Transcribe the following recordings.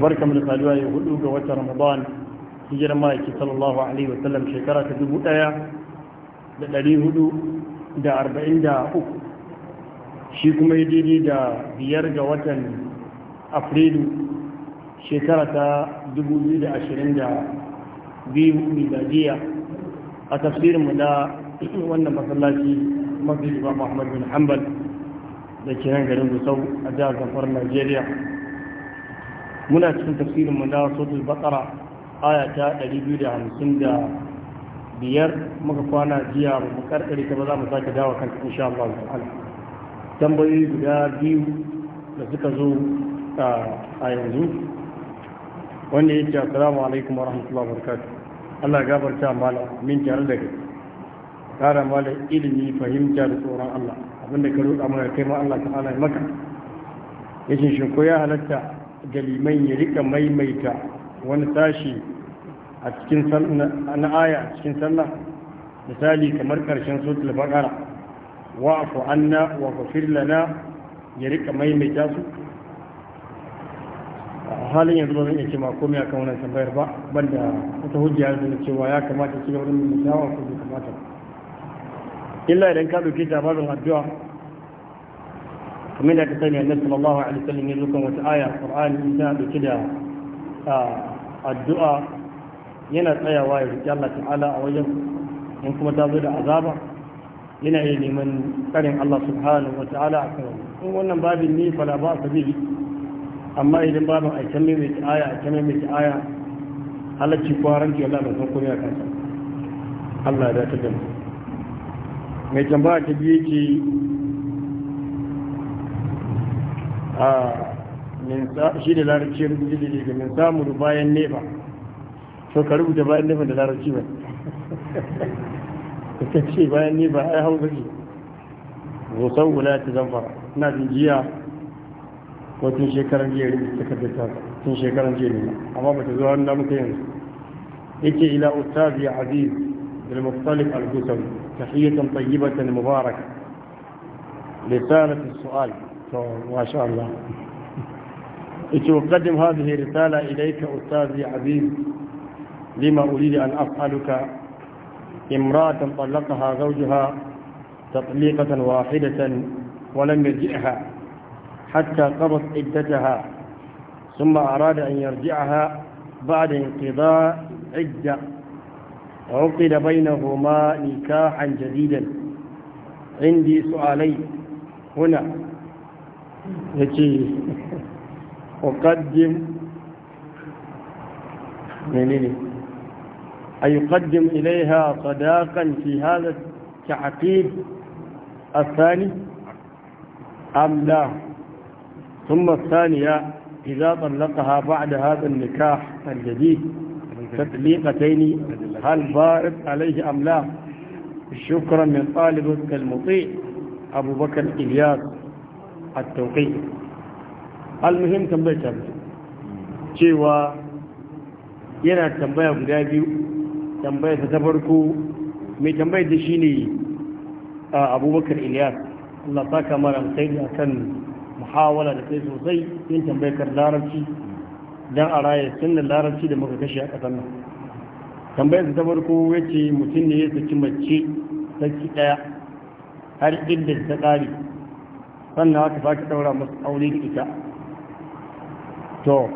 barka mu da saduwa yau hudu ga watan ramadan hijirar ma'aiki sallallahu alaihi wasallam shekara ta dubu daya da dari hudu da arba'in da uku shi kuma ya daidai da biyar ga watan afrilu shekara ta dubu biyu da ashirin da biyu miladiya a tafsirin tafsirinmu na wannan masallaci mafi ba muhammad bin hanbal da ke nan garin gusau a jihar zamfar najeriya muna cikin tafsirin mu na suratul baqara aya ta 255 muka kwana jiya mu karkare ta ba za mu sake dawo kan insha Allah ta'ala tambayoyi guda biyu da suka zo a yanzu wanda ya ce assalamu alaikum wa rahmatullahi wa barakatuh Allah gafarta mala min tare da kai kara mala ilimi fahimta da tsoron Allah abinda ka roƙa mana kai ma Allah ta'ala maka yace shin ko ya halatta ga ya rika maimaita wani sashi a cikin na aya a cikin sallah misali kamar karshen sotul bakara, wa afu anna wa ghafir lana ya rika maimaita su a halin yanzu ba zan iya cewa komai akan wannan tambayar ba banda wata hujja da cewa ya kamata ci gaba da musawa ko bai kamata illa idan ka dauke labarin addu'a kamar da ta sani annabi sallallahu alaihi wasallam ya zukan wata aya qur'ani in ta dauki da addu'a yana tsayawa ya roki Allah ta'ala a wajen in kuma ta zo da azaba yana iya neman tsarin Allah subhanahu wa ta'ala a kan in wannan babin ne fala ba su bi amma idan babin a can mai aya a can mai aya halacci ko haranci Allah ba san komai akan sa Allah ya dace da mu mai tambaya ta biye ce shi da larabci ya rubuta da daga min samu da bayan nefa to ka rubuta bayan nefa da larabci ba ka kace bayan nefa ai hausa ce zosan wula ta zamfara ina jin jiya ko tun shekaran jiya rubuta takardar ta tun shekaran jiya ne amma ba ta zo hannu muka yanzu yake ila ustazi aziz bil mukhtalif al-gusawi tahiyatan tayyibatan mubarak lisanat as-su'al ما شاء الله اتقدم هذه رسالة إليك أستاذي عزيز لما أريد أن أسألك امرأة طلقها زوجها تطليقة واحدة ولم يرجعها حتى قضت عدتها ثم أراد أن يرجعها بعد انقضاء عدة عقد بينهما نكاحا جديدا عندي سؤالين هنا yake uqaddim menene ayuqaddim ilaiha sadaqan fi hadha التعقيد الثاني أم لا ثم الثانية إذا طلقها بعد هذا النكاح الجديد تطليقتين هل بارد عليه أم لا شكرا من طالب المطيع أبو بكر إلياس a taukai almuhim tambayar ta cewa yana tambaya guda biyu tambayar ta ta farko mai tambayar da shi ne abubakar iliyas Allah ta kamar amsai a kan muhawala da kai sosai yin tambayar larabci don a raya sunan larabci da muka kashe a ƙasar nan tambayar ta farko ya ce mutum ne ya saki mace saki ɗaya har inda ta ƙari sannan haka sake ɗaura musu aure da ita to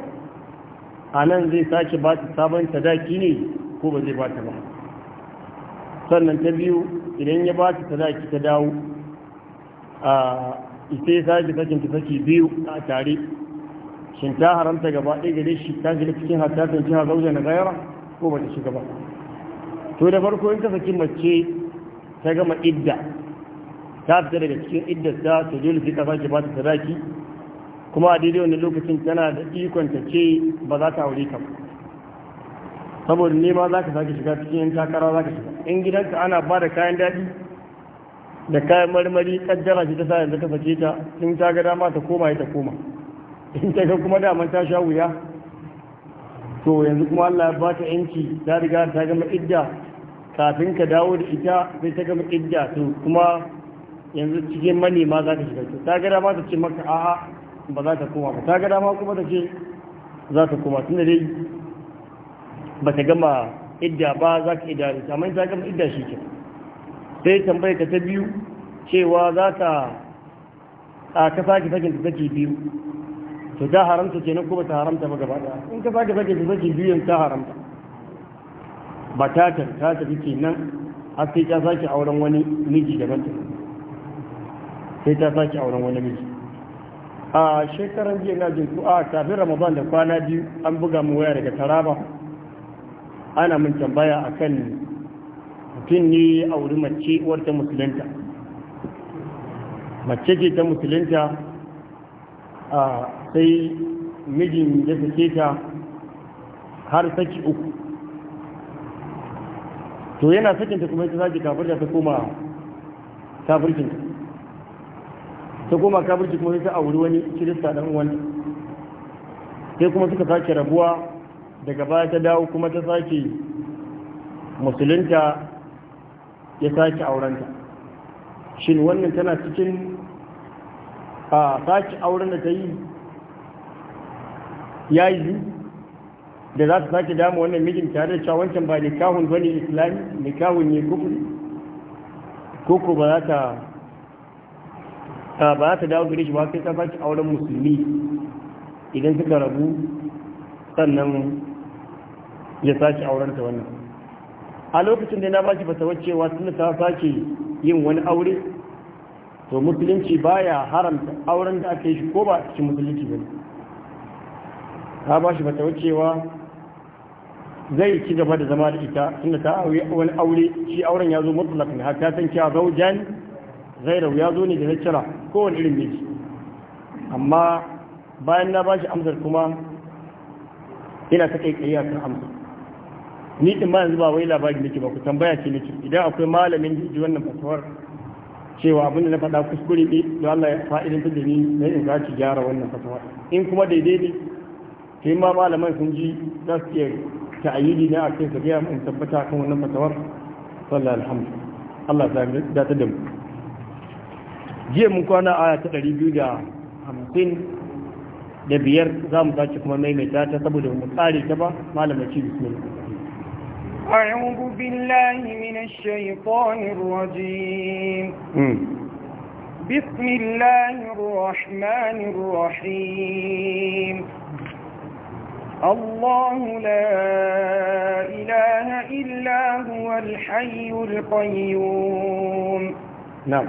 a nan zai sake ba ta sabon sadaki ne ko ba zai ba ta ba sannan ta biyu idan ya ba ta sadaki ta dawo a ita ya sake sakin ta saki biyu a tare shin ta haramta gaba ɗaya gare shi ta shiga cikin hatta ta jiha zauja na gayara ko ba ta shiga ba to da farko in ka saki mace ta gama idda ta fita daga cikin iddasta to dole sai ta sake ba ta sadaki kuma a daidai wani lokacin tana da ikon ta ce ba za ta aure ka ba saboda nema za ka sake shiga cikin yan takara za ka shiga in gidanka ana ba da kayan daɗi da kayan marmari kaddara shi ta sa yanzu ta sake ta in ta ga dama ta koma ya ta koma in ta ga kuma daman ta sha wuya to yanzu kuma Allah ya ba yanci ta riga ta gama idda kafin ka dawo da ita sai ta gama idda to kuma yanzu cikin manema za ka shiga ta gada ma ta ce maka a'a ba za ta koma ba ta gada ma kuma ta ce za ta koma tun da dai ba ta gama idda ba za ka idda da amma ta gama idda shi ke sai tambaye ka ta biyu cewa za ta a ka sake sakin ta take biyu to ta haramta kenan ko ba ta haramta ba gaba daya in ka sake sakin ta take biyu ta haramta ba ta ta ta ta ta sai ta sake auren wani miji ta ta sai ta sake auren wani miji a shekaran jiya na jin a kafin ramadan da kwana biyu an buga mu waya daga taraba ana mun tambaya akan mutum ne auri mace wata musulunta mace ce ta musulunta a sai mijin ya sake ta har saki uku to yana sakinta kuma ita sake da ta koma kafircinta ta goma kafirci kuma sai ta auri wani kirista dan wani sai kuma suka sake rabuwa daga baya ta dawo kuma ta sake musulunta ya sake aurenta shin wannan tana cikin a sake auren da ta yi ya yi da za ta sake damu wannan mijin tare da cewa wancan ba nikahun bane islami nikahun ne kuku ko ko ba za ta ba za ta dawo gare shi ba sai ta baki auren musulmi idan suka rabu sannan ya sake auren ta wannan a lokacin da na baki fasawar cewa tun ta sake yin wani aure to musulunci baya haramta auren da aka yi shi ko ba a cikin musulunci ba ta ba shi fasawar cewa zai ci gaba da zama da ita tunda ta wani aure shi auren ya zo mutlak ne haka ta san cewa zaujan zairau ya zo ne da na cira kowane irin miji amma bayan na ba shi amsar kuma ina ta kai kai akan amsar ni ɗin ma yanzu ba wai labari nake ba ku tambaya ce nake idan akwai malamin jiji wannan fatawar cewa abinda na faɗa kuskure ne don Allah ya fa'idan ta da ni na in za ki gyara wannan fatawar in kuma daidai ne sai ma malaman sun ji za su iya ta'ayyidi na akai su gaya mun tabbata kan wannan fatawar sallallahu alhamdu Allah ya da ta da mu jiya mun kwana aya ta 250 da biyar za mu sake kuma maimaita ta saboda mu tsare ta ba ci bismillah أعوذ بالله من الشيطان الرجيم بسم الله الرحمن الرحيم الله لا إله إلا هو الحي القيوم نعم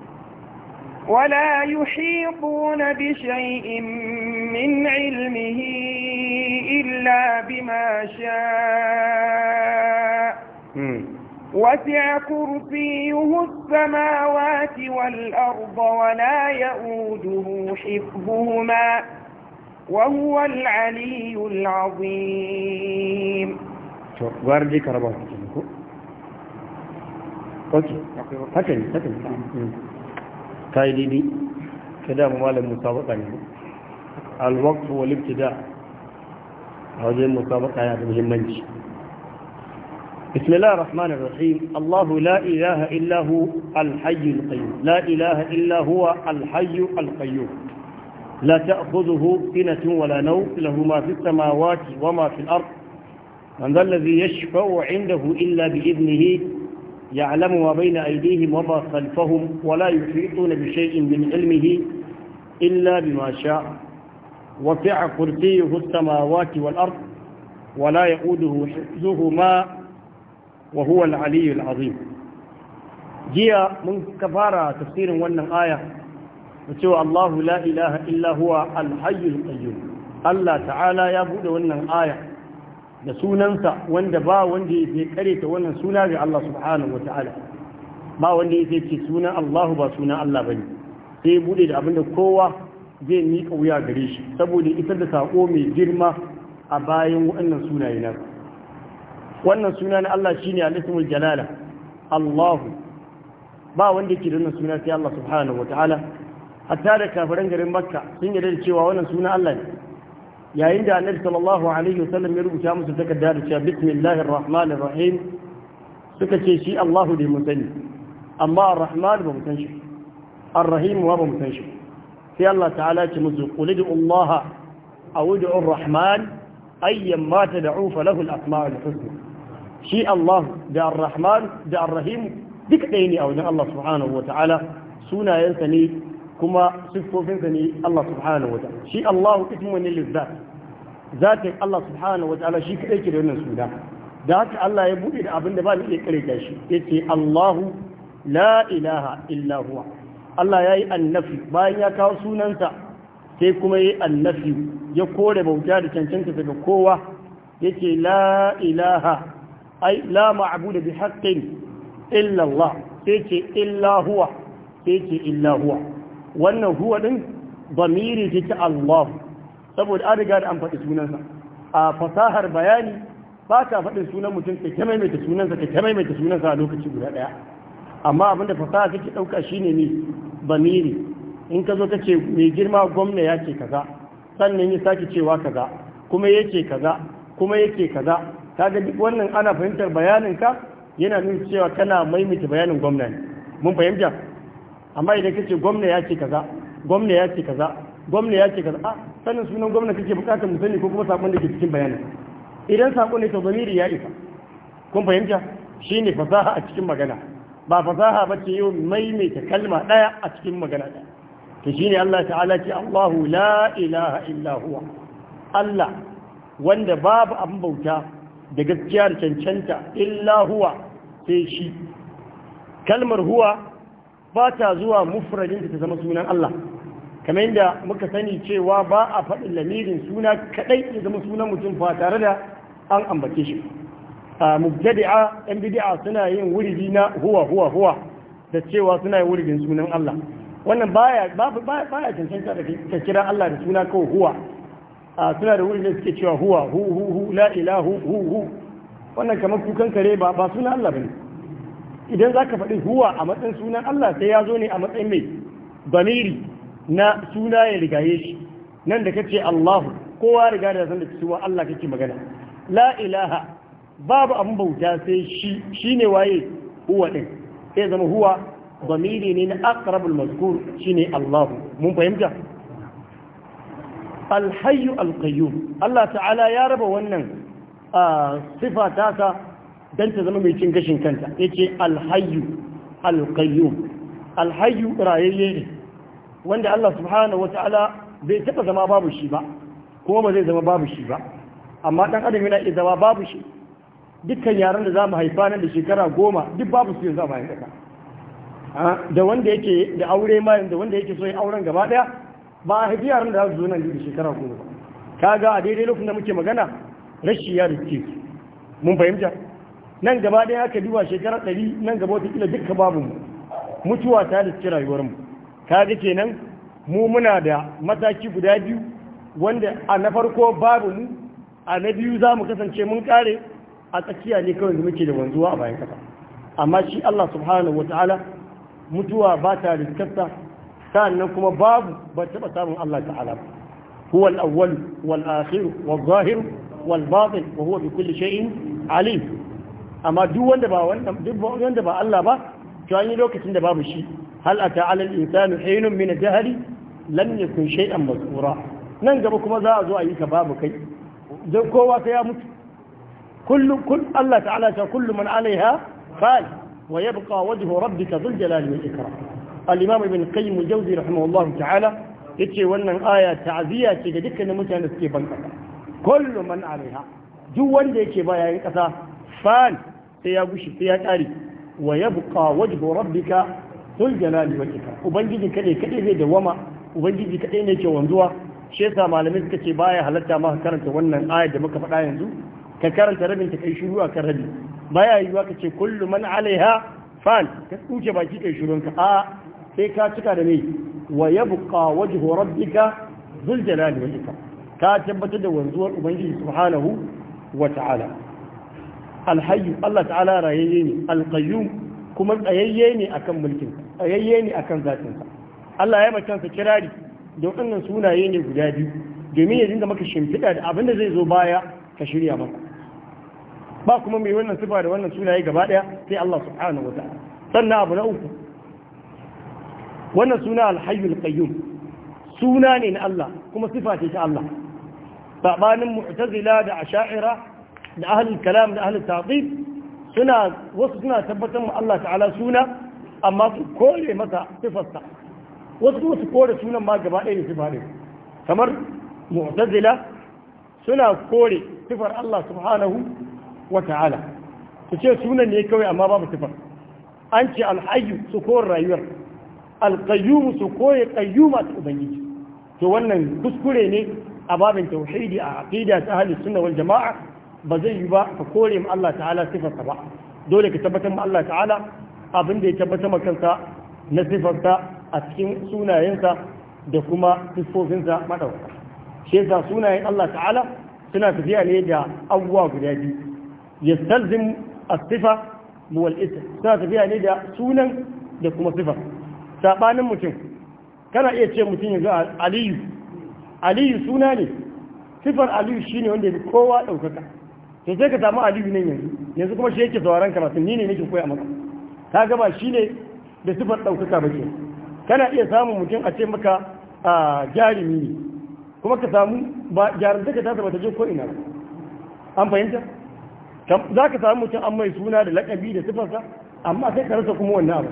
ولا يحيطون بشيء من علمه إلا بما شاء وسع كرسيه السماوات والأرض ولا يؤوده حفظهما وهو العلي العظيم غارجي كرباتي اوكي هكذا هكذا ta yi daidai ta الوقف والابتداء هذه المسابقة alwaktu wal بسم الله الرحمن الرحيم الله لا إله إلا هو الحي القيوم لا إله إلا هو الحي القيوم لا تأخذه سنة ولا نوم له ما في السماوات وما في الأرض من ذا الذي يشفع عنده إلا بإذنه يعلم ما بين أيديهم وما خلفهم ولا يحيطون بشيء من علمه إلا بما شاء وسع كرسيه السماوات والأرض ولا يؤوده حفظهما وهو العلي العظيم جيا من كفارة تفسير ونن آية وسوى الله لا إله إلا هو الحي القيوم الله تعالى يبود ونن آية da sunansa wanda ba wanda ya fi kare ta wannan suna ga Allah subhanahu wata'ala ba wanda ya fi sunan Allahu ba sunan Allah bane sai bude da abinda kowa zai miƙa wuya gare shi saboda isar da sako mai girma a bayan wannan sunaye na wannan suna na Allah shine al-ismul jalala Allahu ba wanda ke da wannan suna sai Allah subhanahu wata'ala hatta da kafiran garin Makka sun yarda cewa wannan suna Allah ne yayin da annabi sallallahu alaihi wasallam ya rubuta musu takarda da cewa bismillahir rahmanir rahim suka ce shi Allahu da mu sani amma ar-rahman ba mu san shi ar-rahim ba mu shi sai Allah ta'ala ce musu qul Allah aw ar-rahman ayyan ma tad'u falahu al-asma'ul husna shi Allah da ar-rahman da ar-rahim duk ɗaya ne a wajen Allah subhanahu wa ta'ala sunayensa ne kuma siffofinsa ne Allah subhanahu wata shi Allah ismu ne lizzat zata Allah subhanahu wataala shi kadai ke da wannan suna da haka Allah ya bude da abin da ba ni iya karanta shi yace Allahu la ilaha illa huwa Allah yayi annafi bayan ya kawo sunansa sai kuma yayi annafi ya kore bauta da cancanta daga kowa yace la ilaha ai la ma'budu bi haqqin illa Allah sai ce illa huwa sai ce illa huwa wannan huwa din bamiri ce ta Allah saboda an riga da an faɗi sunansa a fasahar bayani ba ka faɗin sunan mutum ka ta sunansa ka ta sunansa a lokaci guda ɗaya amma abinda fasaha kake ɗauka shine ne bamiri in ka zo ka ce mai girma gwamna ya ce kaza sannan ya sake cewa kaza kuma ya ce kaza kuma ya ce kaza kaga duk wannan ana fahimtar bayaninka yana nuna cewa kana maimaita bayanin gwamna ne mun fahimta amma idan kace gwamna ya ce kaza gwamna ya ce kaza gwamna ya ce kaza a sanin sunan gwamna kake bukatar mu sani ko kuma sakon da ke cikin bayanin idan sakon ne to zamiri ya isa kun fahimta shine fasaha a cikin magana ba fasaha ba ce yau maimaita kalma daya a cikin magana daya to shine Allah ta'ala ce Allahu la ilaha illa huwa Allah wanda babu abin bauta da gaskiya da cancanta illa huwa sai shi kalmar huwa ba ta zuwa mufradin ta zama sunan Allah kamar yadda muka sani cewa ba a faɗin lamirin suna kaɗai ya zama sunan mutum ba tare da an ambace shi a mubtadi'a yan bid'a suna yin wuridi na huwa huwa huwa da cewa suna yin wuridin sunan Allah wannan baya baya cancanta da ka kira Allah da suna kawai huwa a suna da wuridin suke cewa huwa hu hu hu la ilahu hu hu wannan kamar kukan kare ba ba sunan Allah bane idan za ka faɗi huwa a matsayin sunan Allah sai ya zo ne a matsayin mai bamiri na suna ya rigaye shi nan da kace Allahu kowa riga da san da cewa Allah kake magana la ilaha babu abin bauta sai shi shine waye huwa din sai zama huwa bamiri ne na aqrabul mazkur shine Allahu mun fahimta alhayyu alqayyum Allah ta'ala ya raba wannan ah, sifa ta dan ta zama mai cin gashin kanta yace alhayyu alqayyum alhayyu rayayye ne wanda Allah subhanahu wataala bai taba zama babu shi ba ko ba zai zama babu shi ba amma dan adam yana iya zama babu shi dukkan yaran da mu haifa nan da shekara goma duk babu su yanzu zama bayan kasa da wanda yake da aure ma da wanda yake so ya auren gaba daya ba a haifi yaran da za su zo nan da shekara goma ba kaga a daidai lokacin da muke magana rashiyar ya rike mun fahimta nan gaba ɗaya aka duba shekarar ɗari nan gaba kila duka babu mutuwa ta da rayuwar mu kaga kenan mu muna da mataki guda biyu wanda a na farko babu mu a na biyu za mu kasance mun kare a tsakiya ne kawai da muke da wanzuwa a bayan kasa amma shi Allah subhanahu ta'ala mutuwa ba ta riskarta sannan kuma babu ba taɓa samun Allah ta'ala ba huwa al-awwal wal akhir wal zahir wal batin wa huwa bi kulli shay'in alim amma duk wanda ba wanda ba Allah ba to an yi lokacin da babu shi hal ata alal insanu hinun min dahri lam yakun shay'an mazkura nan gaba kuma za a zo a yi ka babu kai kowa sai ya mutu kullu kun Allah ta'ala ta kullu man alaiha fal wa yabqa wajhu rabbika dhul jalali wal ikram al-imam ibn qayyim al-jawzi rahimahullah ta'ala yace wannan aya ta'ziya ce ga dukkanin mutanen da suke ban kasa kullu man alaiha duk wanda yake bayan kasa fal sai ya gushi sai ya kare wa yabqa wajhu rabbika dhul jalali wal ikram ubangiji kaɗai kade zai dawama ubangiji kade ne ke wanzuwa shi yasa malamai suka ce baya halatta ma karanta wannan ayar da muka faɗa yanzu ka karanta rabin ta kai shiru kan rabi baya yiwa ka ce kullu man alaiha fan ka tsuke baki kai shirun ka a sai ka cika da mai wa yabqa wajhu rabbika dhul jalali wal ikram ka tabbatar da wanzuwar ubangiji subhanahu wa ta'ala alhayu Allah ta'ala rayayye ne alqayyum kuma tsayayye ne akan mulkin tsayayye ne akan zatin sa Allah ya makansa kirari da wannan sunaye ne guda biyu domin ya dinga maka shimfiɗa da abin da zai zo baya ka shirya maka ba kuma mai wannan sifa da wannan sunaye gaba daya sai Allah subhanahu wa ta'ala sannan abu na uku wannan suna Alhayu qayyum suna ne na Allah kuma sifa ce ta Allah sabanin mu'tazila da asha'ira da ahalin kalam da ahalin ta'dib suna wasu suna tabbatar ma Allah ta'ala suna amma su kore masa sifarsa wasu wasu su kore sunan ma gaba ɗaya da sifa ne kamar mu'tazila suna kore sifar Allah subhanahu wa ta'ala su ce sunan ne kawai amma babu sifar an ce alhayyu su kore rayuwar alqayyum su kore qayyuma ta ubangiji to wannan kuskure ne a babin tauhidi a aqida ta ahlus sunna wal jama'a ba zai yi ba ka kore ma Allah ta'ala sifarsa ba dole ka tabbatar ma Allah ta'ala abin da ya tabbatar ma kansa na sifarsa a cikin sunayensa da kuma siffofinsa madauka shi yasa sunayen Allah ta'ala suna tafiya ne da abubuwa guda biyu yastalzim as-sifa wal ism suna tafiya ne da sunan da kuma sifa sabanin mutum kana iya ce mutum yanzu aliyu aliyu suna ne sifar aliyu shine wanda kowa daukaka to sai ka samu aliyu nan yanzu yanzu kuma shi yake sauraron karatun ni ne nake koya maka ka gaba shi ne da sifar ɗaukaka ba ke kana iya samun mutum a ce maka a jarumi ne kuma ka samu ba jarumta ka tasa ba je ko ina an fahimta za ka samu mutum an mai suna da lakabi da sifarsa amma sai ka rasa kuma wannan abu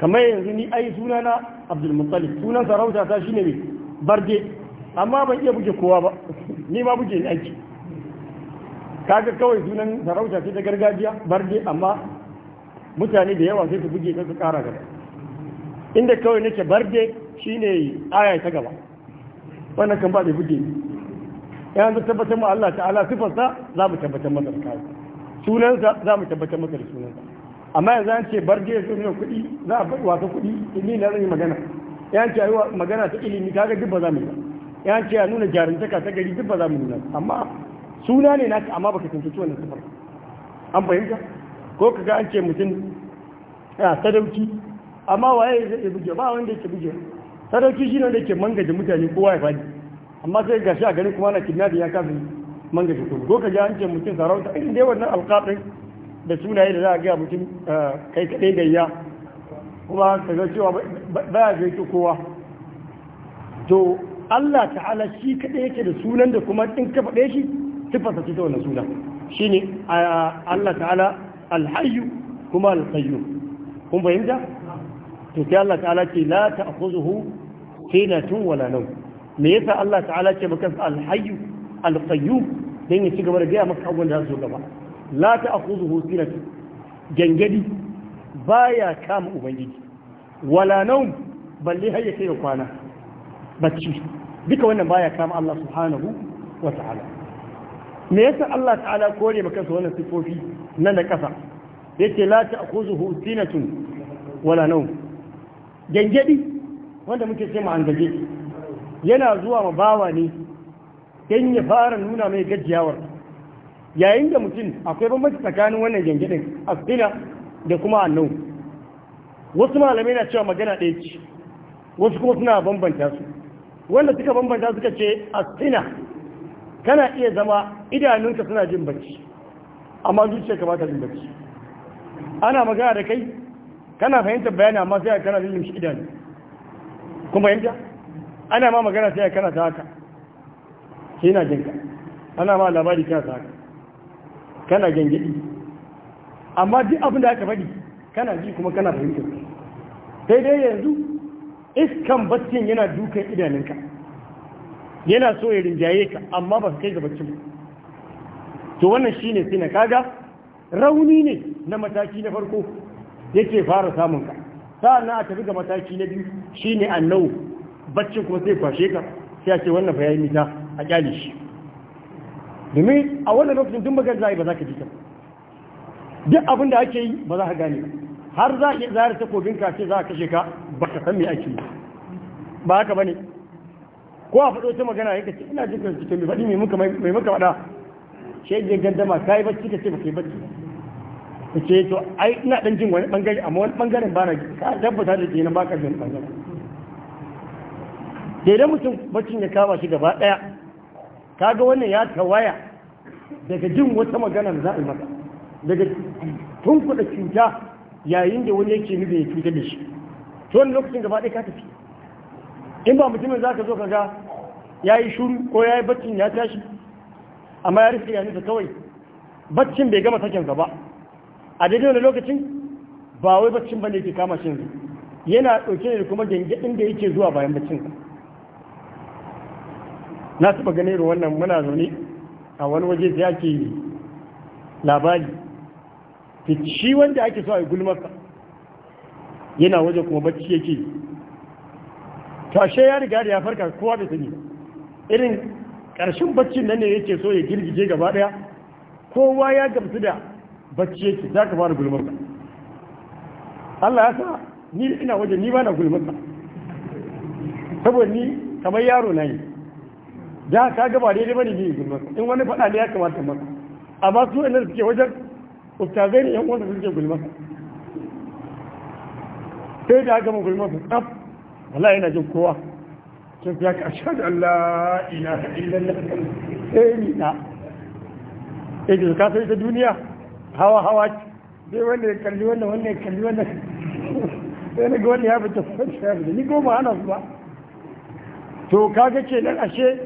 kamar yanzu ni ai suna na abdulmuttalib sunan sarauta ta shine ne barde amma ban iya buge kowa ba ni ma buge ni aiki kaga kawai sunan sarauta ce ta gargajiya barde amma mutane da yawa sai su buge ka su kara gaba inda kawai nake barde shine aya ta gaba wannan kan ba da buge ya zan tabbatar mu Allah ta'ala sifarsa za mu tabbatar masa da sunan sunansa za mu tabbatar masa da sunansa amma yanzu an ce barde ya sunan kuɗi za a faɗi wasa kuɗi ilimi na zan yi magana ya ce ayuwa magana ta ilimi kaga duk ba za mu yi ba ya ce a nuna jarumtaka ta gari duk ba za mu nuna amma suna ne naka amma baka tuntuci wannan sifar an fahimta ko kaga an ce mutum a sadauki amma waye zai buge ba wanda yake buge sadauki shi ne wanda yake mangaje mutane kowa ya fadi amma sai gashi a ganin kuma na kidnabi ya kafa mangaje ko ka kaga an ce mutum sarauta irin dai wannan alƙaɗin da sunaye da za a ga mutum eh, kai kadai ya kuma ga cewa ya zai kowa to Allah ta'ala shi kadai yake da sunan da kuma in ka faɗe shi sifarsa ce ta wani suna shi shine Allah ta'ala alhayu kuma alqayyum kun fahimta to sai Allah ta'ala ce la ta'khuzuhu sinatun wala nawm me yasa Allah ta'ala ce maka alhayyu alqayyum dan ya ci gaba da gaya maka abubuwan da su gaba la ta'khuzuhu sinatun gangadi ba ya kama ubangiji wala nawm balle har ya kai kwana bacci duka wannan baya kama Allah subhanahu wa ta'ala me yasa Allah ta'ala kore maka su wannan sifofi nan da kasa yace la ta'khuzuhu sinatu wala nawm gangadi wanda muke ce mu an gaje yana zuwa ma bawa ne dan ya fara nuna mai gajiyawar yayin da mutum akwai bambanci tsakanin wannan gangadin asina da kuma annau wasu malamai na cewa magana ɗaya ce wasu kuma suna bambanta su wanda suka bambanta suka ce asina kana iya zama idanunka suna jin bacci amma zuciya ka bata jin bacci ana magana da kai kana fahimtar bayani amma sai kana jin shi idanu kuma fahimta ana ma magana sai kana ta haka sai na jinka ana ma labari kana ta haka kana gangadi amma duk abin da aka faɗi kana ji kuma kana fahimtar sai dai yanzu iskan baccin yana dukan idanunka yana so ya rinjaye ka amma ba su kai ga bacci to wannan shi sai na kaga rauni ne na mataki na farko yake fara samun ka na a tafi ga mataki na biyu shi ne annawu baccin kuma sai kwashe ka sai a ce wannan fa yayi mita a kyale shi domin a wannan lokacin dun magana zai ba za ka ji ta duk abin da ake yi ba za ka gane har za ka ta kogin ka ce za ka kashe ka ba ka san me ake yi ba haka ba ne. ko a faɗo ta magana ya ce ina jikin cikin mai faɗi mai muka faɗa shi ya gandama ka yi bacci ka ce ba yi bacci ka ce to ai ina ɗan jin wani ɓangare amma wani ɓangaren ba na ka tabbata da jini ba ka jini ɓangare daidai mutum baccin ya kama shi gaba ɗaya Ka ga wannan ya tawaya daga jin wata magana da za a yi maka daga tunkuɗa cuta yayin da wani yake nufin ya cutar da shi to wani lokacin gaba ɗaya ka tafi in ba mutumin za ka zo ka ga ya yi shuru ko ya yi baccin ya tashi amma ya rufe ya nisa kawai baccin bai gama ka ba a daidai wani lokacin ba wai baccin ba ne ke kama shi yana ɗauke ne kuma gangadin da yake zuwa bayan baccinsa na taɓa ganin da wannan muna zaune a wani waje sai ake labari shi wanda ake so a yi gulmarsa yana waje kuma bacci yake Tashe ya riga da ya farka kowa da sani irin ƙarshen bacci nan ne yake so ya girgije gaba ɗaya kowa ya gamsu da bacci yake za ka fara gulmarsa Allah ya sa ni ina waje ni ba na gulmarsa saboda ni kamar yaro na yi da ka gaba daidai bane ni gulmarsa in wani faɗa ne ya kamata masa amma su inda suke wajen ustazai ne yan uwansa suke gulmarsa sai da aka mu gulmarsa tsaf wallahi yana jin kowa sai ya ka ashhadu Allah la ilaha illallah eh ni na eh da ka sai ta duniya hawa hawa dai wanda ya kalli wannan wanda ya kalli wannan sai na ga wanda ya fita fara ni ko ba ana ba to kaga ce kenan ashe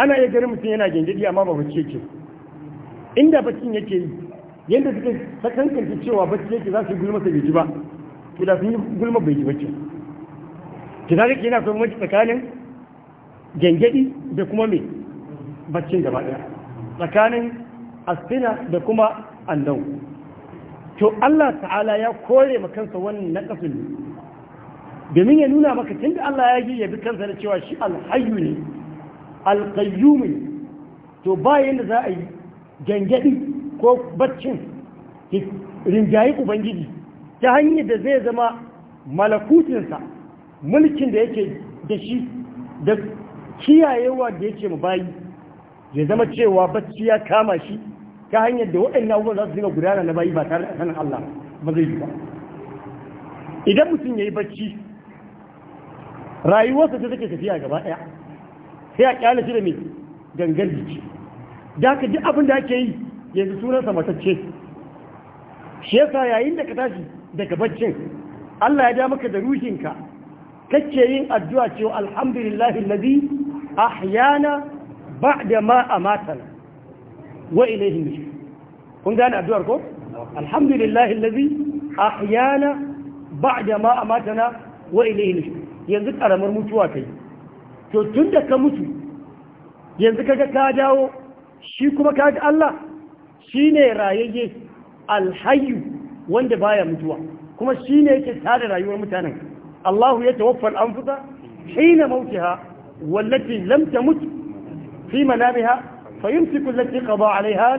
ana iya ganin mutum yana gindidi amma ba bacci yake inda baccin yake yi yadda suke sakankanci cewa bacci yake za su gulma sa bai ji ba to da sun yi gulma bai ji bacci ki yana kuma mace tsakanin gengedi da kuma me baccin gaba daya tsakanin astina da kuma Andau. to Allah ta'ala ya kore makansa kansa wannan naqasin domin ya nuna maka tunda Allah ya yi ya bi kansa da cewa shi alhayyu ne alqayyum ne to bayan da za a yi gengedi ko baccin rinjayi ubangiji ta hanyar da zai zama malakutinsa mulkin da yake da shi da kiyayewa da yake mu bayi ya zama cewa bacci ya kama shi ta hanyar da waɗannan abubuwan za su zina gudana na bayi ba tare da sanin Allah ba zai yi ba idan mutum ya yi bacci rayuwarsa ta take tafiya gaba ɗaya sai a ƙyana shi da mai gangan jiki da aka ji abin da ake yi yanzu sunansa matacce shi yasa yayin da ka tashi daga baccin Allah ya ja maka da ruhinka kake yin addu'a cewa alhamdulillahi alladhi ahyana ba'da ma amatana wa ilayhi nushur kun gane addu'ar ko alhamdulillahi alladhi ahyana ba'da ma amatana wa ilayhi nushur yanzu karamar mutuwa kai to tunda ka mutu yanzu kaga ka dawo shi kuma kaga Allah shine rayayye alhayu wanda baya mutuwa kuma shine yake tada rayuwar mutanen الله يتوفى الأنفس حين موتها والتي لم تمت في منامها فيمسك التي قضى عليها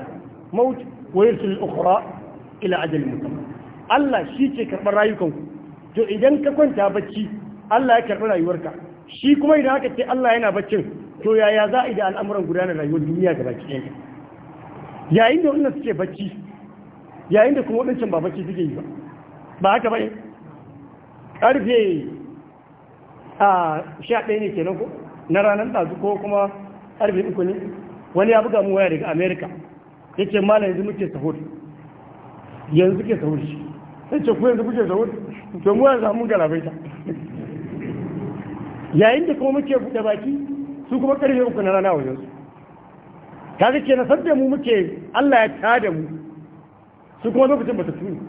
موت ويرسل الأخرى إلى عدل الموت الله شيء كربان رايكم to idan ka kwanta bacci Allah ya karɓi rayuwarka shi kuma idan aka ce Allah yana baccin to yaya za a yi al'amuran gudanar rayuwar duniya gaba cikin yayin da wannan suke bacci yayin da kuma wadancan yi ba haka ba karfe a sha ɗaya ne nan ko na ranar ɗazu ko kuma karfe uku ne wani ya buga mu waya daga america ya ce malam yanzu muke sahur yanzu ke sahur shi ya ce ku yanzu muke sahur to mu yanzu mun ta yayin da kuma muke buɗe baki su kuma karfe uku na rana wajen su ta ke na sabbe mu muke Allah ya da mu su kuma lokacin ba ta tuni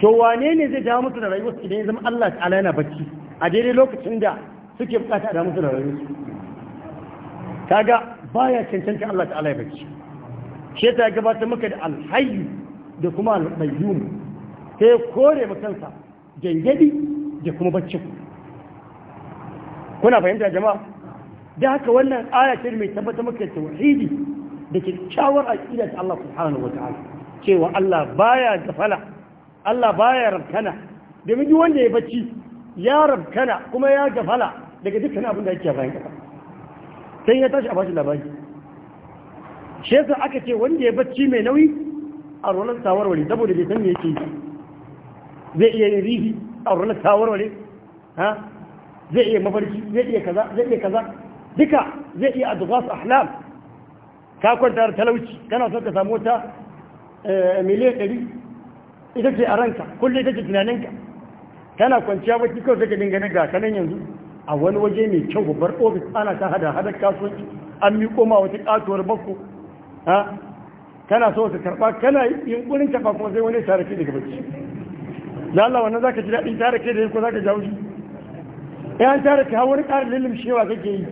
to wane ne zai dawo musu da rayuwarsu idan ya zama Allah ta'ala yana bacci a daidai lokacin da suke bukata da musu da rayuwarsu kaga baya cancanta Allah ta'ala ya bacci She ta gabatar maka da alhayyu da kuma albayyum sai kore makansa gangadi da kuma baccin kuna fahimta jama'a da haka wannan aya ce mai tabbata maka tauhidi da kyakkyawar aqida ta Allah subhanahu wa ta'ala cewa Allah baya gafala Allah baya rabkana domin duk wanda ya bacci ya rabkana kuma ya gafala daga dukkan abin da yake bayan kafa sai ya tashi a bashi labari shi yasa aka ce wanda ya bacci mai nauyi a rolar tawarware saboda bai san me yake zai iya yin rihi a rolar tawarware ha zai iya mafarki zai iya kaza zai iya kaza duka zai iya adghas ahlam ka kwanta da talauci kana son ka samu wata eh, miliyan ɗari ita ce a ranka kullum ita ce tunaninka tana kwanciya baki kawai take dinga na gasa yanzu a wani waje mai kyau babbar ofis ana ta hada hada kasuwanci an miƙo ma wata katuwar bakko ha kana so ta karɓa kana yunkurin karɓa kuma sai wani tare ke daga bacci da Allah wannan zaka ji daɗin tare ke da ko zaka jawo shi eh an tare ke har wani ƙarin shewa kake yi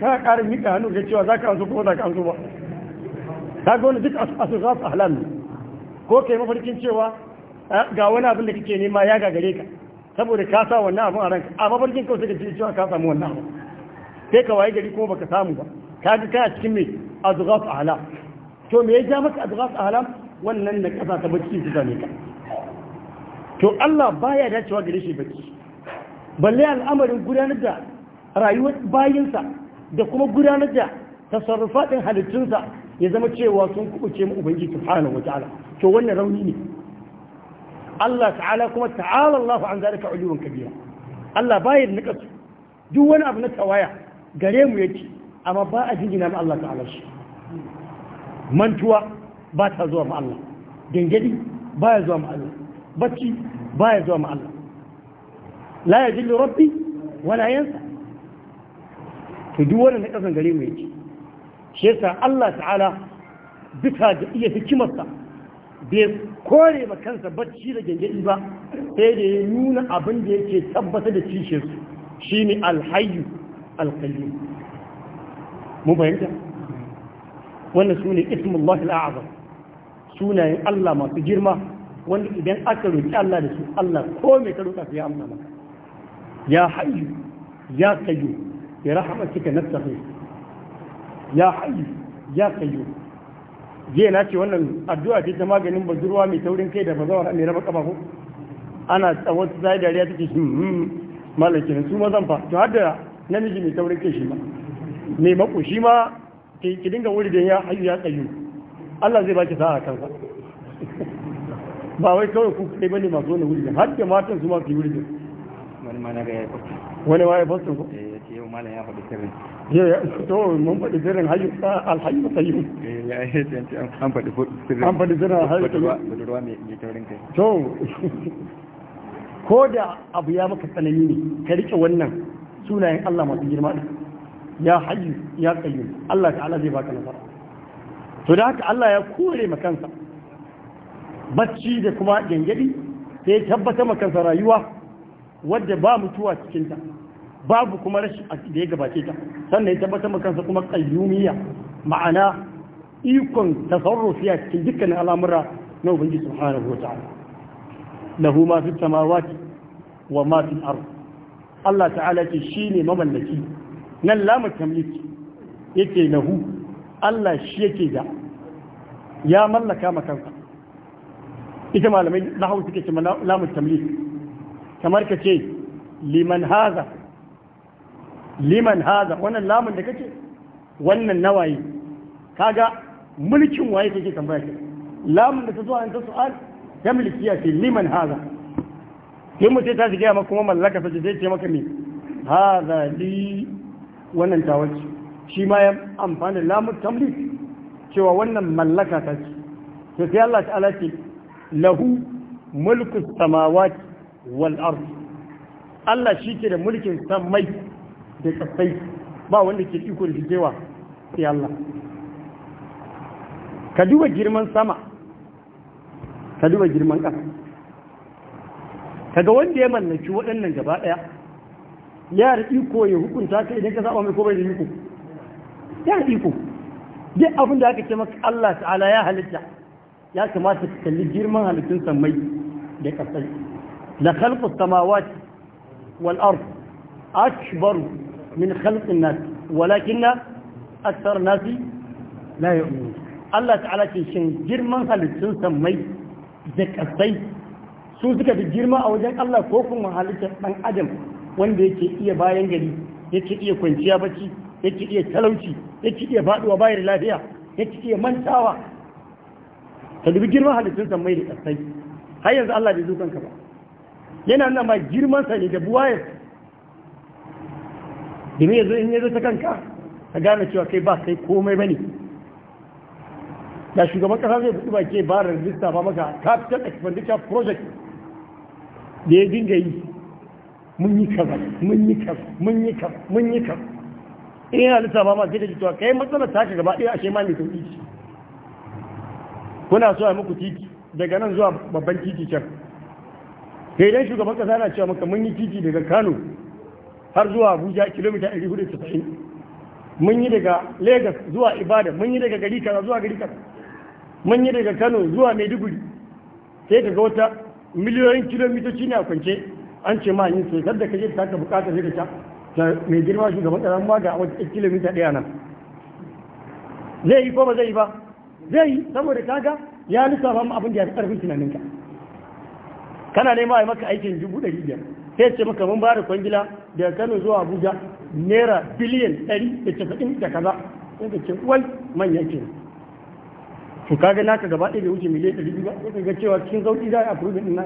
ka ƙarin miƙa hannu ga cewa zaka amso ko zaka amso ba ka ga wani duk asirrat ahlan ko kai mafarkin cewa ga wani abin da kake nema ya gagare ka saboda ka sa wannan abin a ranka a mafarkin kawai suka ce cewa ka samu wannan abin sai ka waye gari kuma baka samu ba ka ga kai a cikin mai azghas ahlam to me ya ja maka azghas ahlam wannan na kasa ta bacci su zame ka to Allah baya dacewa gare shi bacci balle al'amarin gudanar da rayuwar bayinsa da kuma gudanar da tasarrufatin halittunsa ya zama cewa sun kuɓuce mu ubangiji subhanahu wataala to wannan rauni ne Allah ta'ala kuma ta'ala Allah an zalika uliyun kabira Allah bayar nika su duk wani abu na tawaya gare mu yake amma ba a jingina ma Allah ta'ala shi mantuwa ba ta zuwa ma Allah dangadi ba ya zuwa ma Allah bacci ba ya zuwa ma Allah la ya jillu rabbi wala yansa to duk wani na kasan gare mu yake shi yasa Allah ta'ala bisa da iya hikimarsa bai kore ba kansa bacci da gengedi ba sai da ya nuna abin da yake tabbatar da cishe shi ne alhayu alkayu mu bayanta wannan su ne ismullahi al'azam sunayen Allah masu girma wanda idan aka roƙi Allah da su Allah ko mai ka roƙa ya amsa maka ya hayu, ya kayu ya rahama cika nafsahi ya hayu, ya kayu jiya na ce wannan addu'a ce ta maganin bazurwa mai taurin kai da bazawar mai raba kafa ko ana tsawon zai dariya take shi hmm, malakin su mazan fa to hadda namiji mai taurin kai shi ma mai mako shi ma ki dinga wuri da ya hayu ya tsayu Allah zai baki sa'a kansa ba wai kawai ku kai bane masu wani wuri har da matan su ma su yi wuri da wani ma na ga ya yi wani ma ya yi ko eh ce yau malam ya faɗi sirrin ya to mun faɗi zirin alhayu tsayu an faɗi zirin alhayu tsayu ko da abu ya maka tsanani ne ka rike wannan sunayen Allah masu girma ɗin ya hayu ya tsayu Allah Ala zai baka nasara to da haka Allah ya kore makansa bacci da kuma gangadi sai ya tabbata makansa rayuwa wadda ba mutuwa cikinta babu kuma rashin da ya gabace ta sannan ya tabbatar ma kansa kuma qayyumiyya ma'ana ikon tasarrufi a cikin dukkanin al'amura na ubangiji subhanahu wa ta'ala lahu ma fi samawati wa ma fi ardh Allah ta'ala ce shine mamallaki nan lamu tamliki yake lahu Allah shi yake da ya mallaka ma kansa ita malamai na hau suke ce lamu tamliki kamar ka ce liman haza liman haza wannan lamun da kace wannan nawayi kaga mulkin waye kake tambaya ke lamun da ta zo an ta su'al ta mulkiya ce liman haza mu ce ta shiga maka kuma mallaka ce zai ce maka me haza li wannan tawaci shi ma ya amfani lamun tamlik cewa wannan mallaka ta ce to sai Allah ta'ala ce lahu mulku samawati wal ard Allah shi ke da mulkin samai da kasai ba wanda ke iko da jewa sai Allah ka duba girman sama ka duba girman ƙasa kaga wanda ya mallaki waɗannan gaba ɗaya ya da iko ya hukunta ka idan ka saba mai ko bai da iko ya da iko duk abin da aka ce maka Allah ta'ala ya halitta ya kamata ka kalli girman halittun samai da ƙasai la khalqu samawati wal ard akbaru min khalqin nas walakinna akthar nasi Allah ta'ala ce shin girman halittun sammai da kasai su suka fi girma a wajen Allah ko kuma halittar dan adam wanda yake iya bayan gari yake iya kwanciya bacci yake iya talauci yake iya faduwa bayar lafiya yake iya mantawa ka dubi girman halittun sammai da kasai har yanzu Allah bai zo kanka yana nuna ma girman ne da domin yanzu in yanzu ta kanka A gane cewa kai ba kai komai bane da shugaban kasa zai ba ke ba rajista ba maka capital expenditure project da ya dinga yi mun yi kaza mun yi kaza mun yi kaza mun yi kaza in yana ba ma zai da cewa kai matsalar ka gaba ɗaya ashe ma mai sauƙi kuna so a muku titi daga nan zuwa babban titi can sai dai shugaban kasa na cewa maka mun yi titi daga Kano har zuwa abuja kilomita 490 mun yi daga lagos zuwa ibadan mun yi daga gari kaza zuwa gari kaza mun yi daga kano zuwa maiduguri sai ka ga wata miliyoyin kilomitoci ne a kwance an ce ma yin sai da kaje ta ka bukata sai da ta mai girma shugaban kasan ma ga wata kilomita ɗaya nan zai yi ko ba zai yi ba zai yi saboda kaga ya lissafa mu abin da ya fi ƙarfin tunaninka kana nema a maka aikin dubu ɗari biyar sai ce maka mun da kwangila daga kano zuwa abuja naira biliyan 100 da kaza sai ka ce wai manya ke to kaga naka gaba ɗaya bai wuce miliyan 200 ba ka ga cewa cikin zauki za a a din na?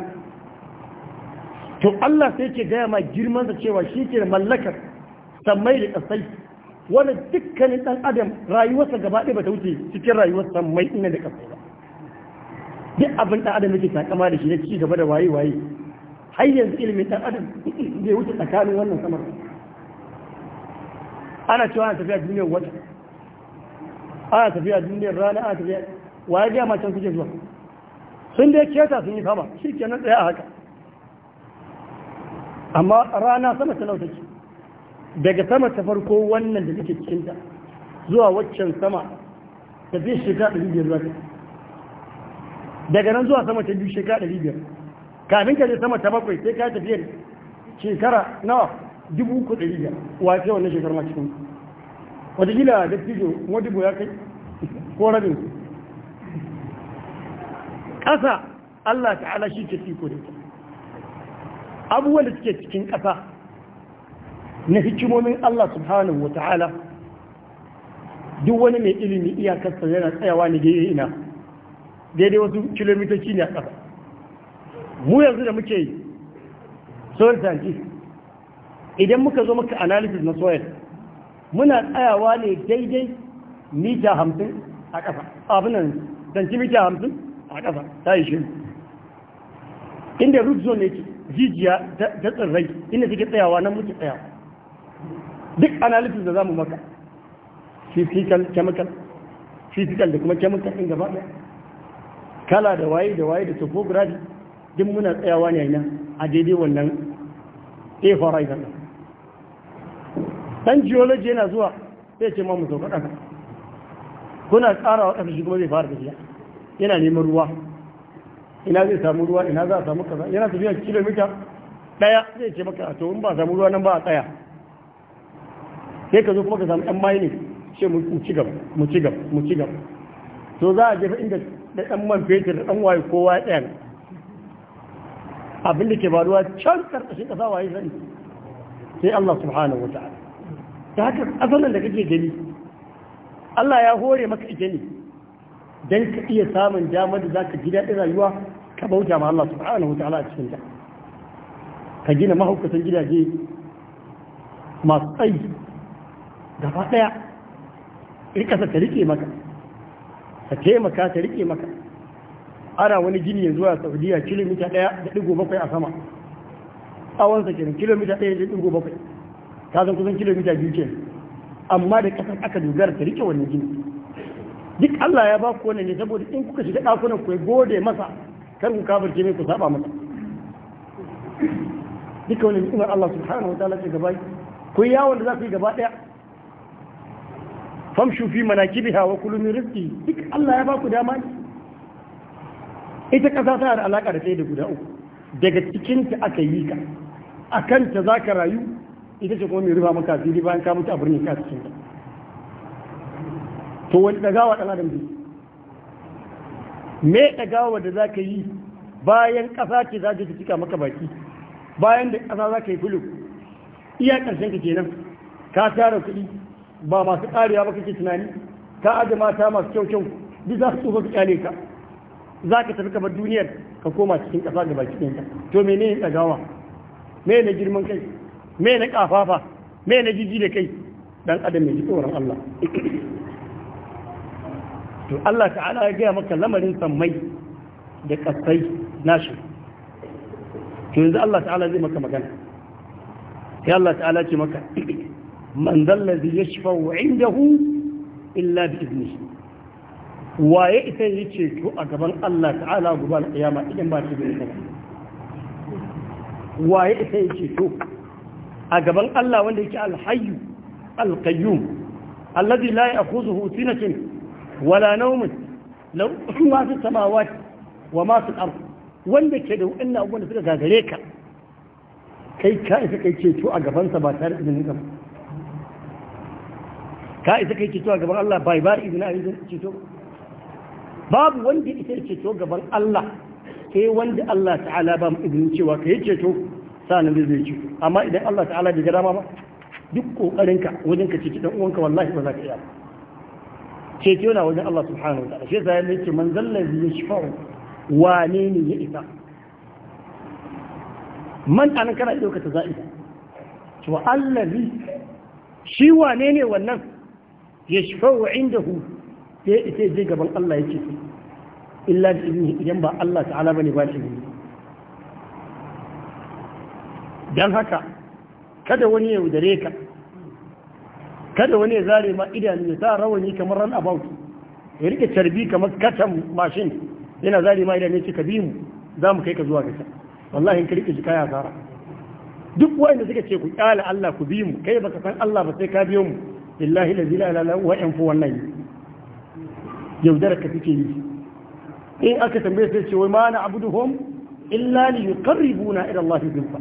to Allah sai ke gaya ma girman sa cewa shi ke mallakar sammai da ƙasai, wanda dukkanin dan adam rayuwarsa gaba ɗaya ba ta wuce cikin rayuwar sammai ina da ƙasai ba duk abin ɗan adam yake takama da shi ne ci gaba da waye waye har yanzu ilimin ɗan adam ya wuce tsakanin wannan samar ana cewa ana tafiya duniyar wata ana tafiya duniyar rana ana tafiya waye biya macen kuke zuwa sun dai keta sun yi fama shi ke nan tsaye a haka amma rana sama ta lauta ce daga sama ta farko wannan da suke cikinta zuwa waccan sama ta zai shekara 500 daga nan zuwa sama ta biyu shekara 500 kamin ka je sama ta bakwai sai ka tafiyar shekara nawa dubu uku ɗari biyar wace wannan shekara ma cikin wataƙila da tijo modibo ya kai ko rabin ƙasa Allah ta'ala shi ke fiko da abubuwan da suke cikin ƙasa na hikimomin Allah subhanahu wa ta'ala duk wani mai ilimi iyakarsa yana tsayawa ne yi ina daidai wasu kilomitoci ne a ƙasa mu yanzu da muke yi soil scientist idan muka zo muka analysis na soil muna tsayawa ne daidai mita hamsin a ƙafa abinan centimeter hamsin a ƙasa. ta yi shi inda root zone yake jijiya ta tsirrai inda suke tsayawa nan muke tsayawa duk analysis da za mu maka physical chemical physical da kuma chemical ɗin gaba ɗaya kala da waye da waye da topography duk muna tsayawa ne nan a daidai wannan ɗefa rai nan ɗan geology yana zuwa sai ce ma mu sauka kuna tsara wa ƙasashe kuma zai fara tafiya yana neman ruwa ina zai samu ruwa ina za a samu kaza yana tafiya kilomita ɗaya zai ce maka a to in ba a samu ruwa nan ba a tsaya sai ka zo kuma ka samu ɗan mai ne ce mu ci gaba mu ci gaba mu ci gaba to za a jefa inda da ɗan man fetur da ɗan waye kowa ya tsaya abin da ke faruwa can karkashin kasa waye sani sai Allah subhanahu wa ta'ala ta haka asalin da kake gani Allah ya hore maka ita ne dan ka iya samun damar da zaka ji daɗin rayuwa ka bauta ma Allah subhanahu wa ta'ala a cikin ta ka gina mahaukatan gidaje masu tsayi gaba ɗaya rikasa ta rike maka ka taimaka ta rike maka ana wani gini yanzu a saudiya kilomita ɗaya da ɗigo bakwai a sama tsawonsa kenan kilomita ɗaya da ɗigo bakwai ta zan kusan kilomita biyu ke amma da ƙasar aka dogara ta rike wannan gini duk allah ya ba ku ne saboda in kuka shiga ɗakunan ku gode masa kar ku kafirce mai ku saba masa duka wani ni'imar allah su wa wata ce gaba ku yi yawon da za ku yi gaba ɗaya famshu fi kibi hawa kulumin min rizqi duk allah ya ba ku dama ne ita ƙasa ta da alaƙa da ɗaya da guda uku daga cikinta aka yi ka a kanta za ka rayu ita ce kuma mai rufa maka fili bayan ka mutu a birnin ka cikin ta to wani ɗagawa ɗan adam zai me ɗagawa da za ka yi bayan ƙasa ce za ta cika maka baki bayan da ƙasa za ka yi fulu iya ƙarshen ka kenan ka tara kuɗi ba masu ƙarewa ba kake tunani ka ajiye mata masu kyau kyau duk za su tsufa su ƙyale ka za ka tafi kamar duniyar ka koma cikin ƙasa gaba cikin ɗinka. to mene yin tsagawa me na girman kai me na ƙafafa me na jiji da kai dan adam mai ji tsoron Allah to Allah ta'ala ya gaya maka lamarin sammai da ƙasai nashi to yanzu Allah ta'ala zai maka magana sai Allah ta'ala ce maka man zallazi yashfa'u indahu illa bi iznihi waye isa yi ceto a gaban Allah ta'ala guban kiyama idan ba shi da ita waye isa yi ceto a gaban Allah wanda yake alhayu alkayyum alladhi la ya'khudhuhu sinatun wala nawmun law ma fi samawati wa ma fi al-ard wanda ke da wannan abubuwan da suka gagare ka kai ka isa kai ceto a gaban sa ba tare da izinin ka ka isa kai ceto a gaban Allah bai ba izinin a ceto babu wanda ita ce to gaban Allah sai wanda Allah ta'ala ba mu izinin cewa ka yi ceto sa'an da zai ceto amma idan Allah ta'ala bai gada ba duk kokarinka wajen ka ceci dan uwanka wallahi ba za ka iya ceto na wajen Allah subhanahu wa ta'ala shi yasa ya ce man zallazi yashfa'u wane ne ya isa man anan kana iya ka za'ida to allazi shi wane ne wannan yashfa'u indahu Sai isa je gaban Allah yake su illa da izini idan ba Allah ta'ala bane ba shi dan haka kada wani ya yaudare ka kada wani ya zare ma idanu ya sa rawani kamar ran about ya rike carbi kamar katan mashin yana zare ma idanu ya ce ka bi mu za mu kai ka zuwa gasa wallahi in ka rike jika ya fara duk wanda suka ce ku kyale Allah ku bi mu kai baka san Allah ba sai ka biyo mu billahi la ilaha illa fu wannan yaudara ka suke yi in aka tambaye sai ce wai ma na abuduhum illa li yuqarribuna ila Allah zulfa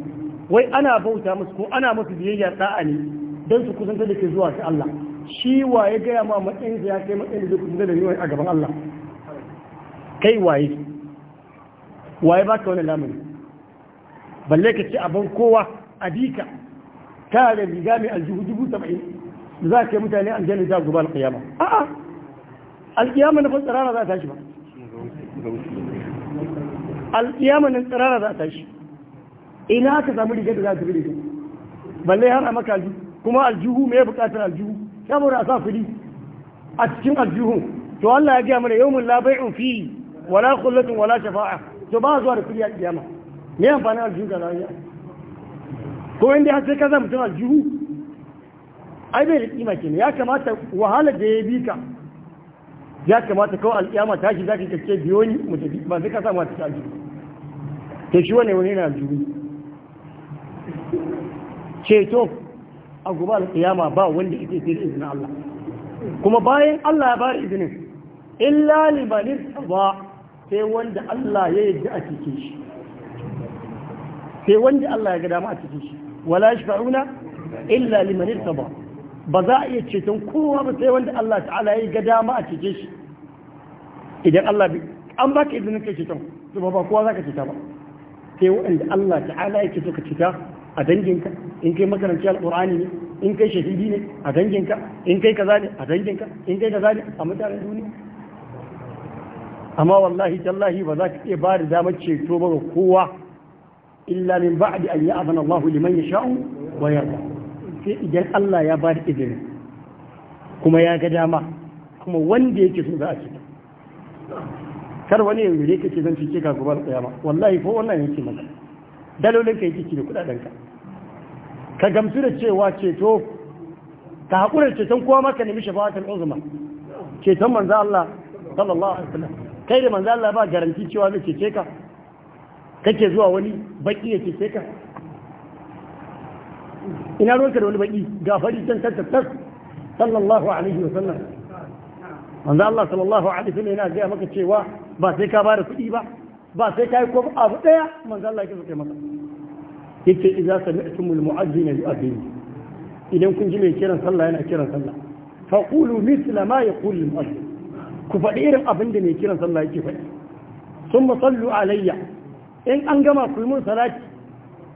wai ana bauta musu ko ana musu biyayya da'a ne dan su kusanta da ke zuwa ga Allah shi waye gaya ma matsayin ya kai matsayin da zai kusanta da ni a gaban Allah kai waye waye ba baka wani lamari balle ka ce abin kowa a adika ta da riga mai aljihu dubu saba'in Da za ka yi mutane an aljanna za gobe alƙiyama a'a Alƙiyama na tsirara za a tashi ba alkiyama na tsirara za a tashi ina aka samu rigar da za ta fi rigar balle har a maka aljihu kuma aljihu mai bukatar aljihu saboda a sa kudi a cikin aljihu to Allah ya gaya mana yawmin la bai'un fi wala khullatun wala shafa'a to ba zuwa da kudi a kiyama me amfanin aljihu ga rayuwa ko inda har sai ka zama mutum aljihu ai bai da kima kenan ya kamata wahala da ya bi ka ya kamata kawai al'iyama ta shi za ka kaske biyo ni mu tafi ba sai ka mata ta ta shi wani wani na juri ceto a gobe al'iyama ba wanda ita sai da izinin Allah kuma bayan Allah ya bada izinin illa limanin ba sai wanda Allah ya yarda a cikin shi sai wanda Allah ya ga dama a cikin shi wala shafa'una illa limanin ba ba za a iya ceton kowa ba sai wanda Allah ta'ala ya yi ga dama a cece shi idan Allah bi an baka izinin kai ceton to ba kowa za ka ceta ba sai wanda Allah ta'ala ya ceto ka cita a danginka in kai makaranci alqur'ani ne in kai shahidi ne a danginka in kai kaza ne a danginka in kai kaza ne a mutanen duniya amma wallahi tallahi ba za ka iya ba da damar ceto ba ga kowa illa min ba'di an ya'zana Allahu liman yasha'u wa yarda sai idan Allah ya ba da izini kuma ya ga dama kuma wanda yake so za a ce kar wani ya ne ka ce zan cike ka gobar tsayama wallahi ko wannan yake maka dalolin ka yake cire kudaden ka ka gamsu da cewa ceto ka haƙura ceton kowa maka nemi shafa'atul uzma ceton manzo Allah sallallahu alaihi wasallam kai da manzo Allah ba garanti cewa zai cece ka kake zuwa wani baki ya cece ka ina ruwanka da wani baki ga fari can tattattas sallallahu alaihi wa sallam manzo Allah sallallahu alaihi wa sallam yana gaya maka cewa ba sai ka bada kuɗi ba ba sai ka yi ko abu daya manzo Allah yake maka yace idza sami'tumul mu'adhdhin yu'adhdhin idan kun ji mai kiran sallah yana kiran sallah fa qulu mithla ma yaqulu al-mu'adhdhin ku faɗi irin abin da mai kiran sallah yake faɗi thumma sallu alayya in an gama ku yi mun salati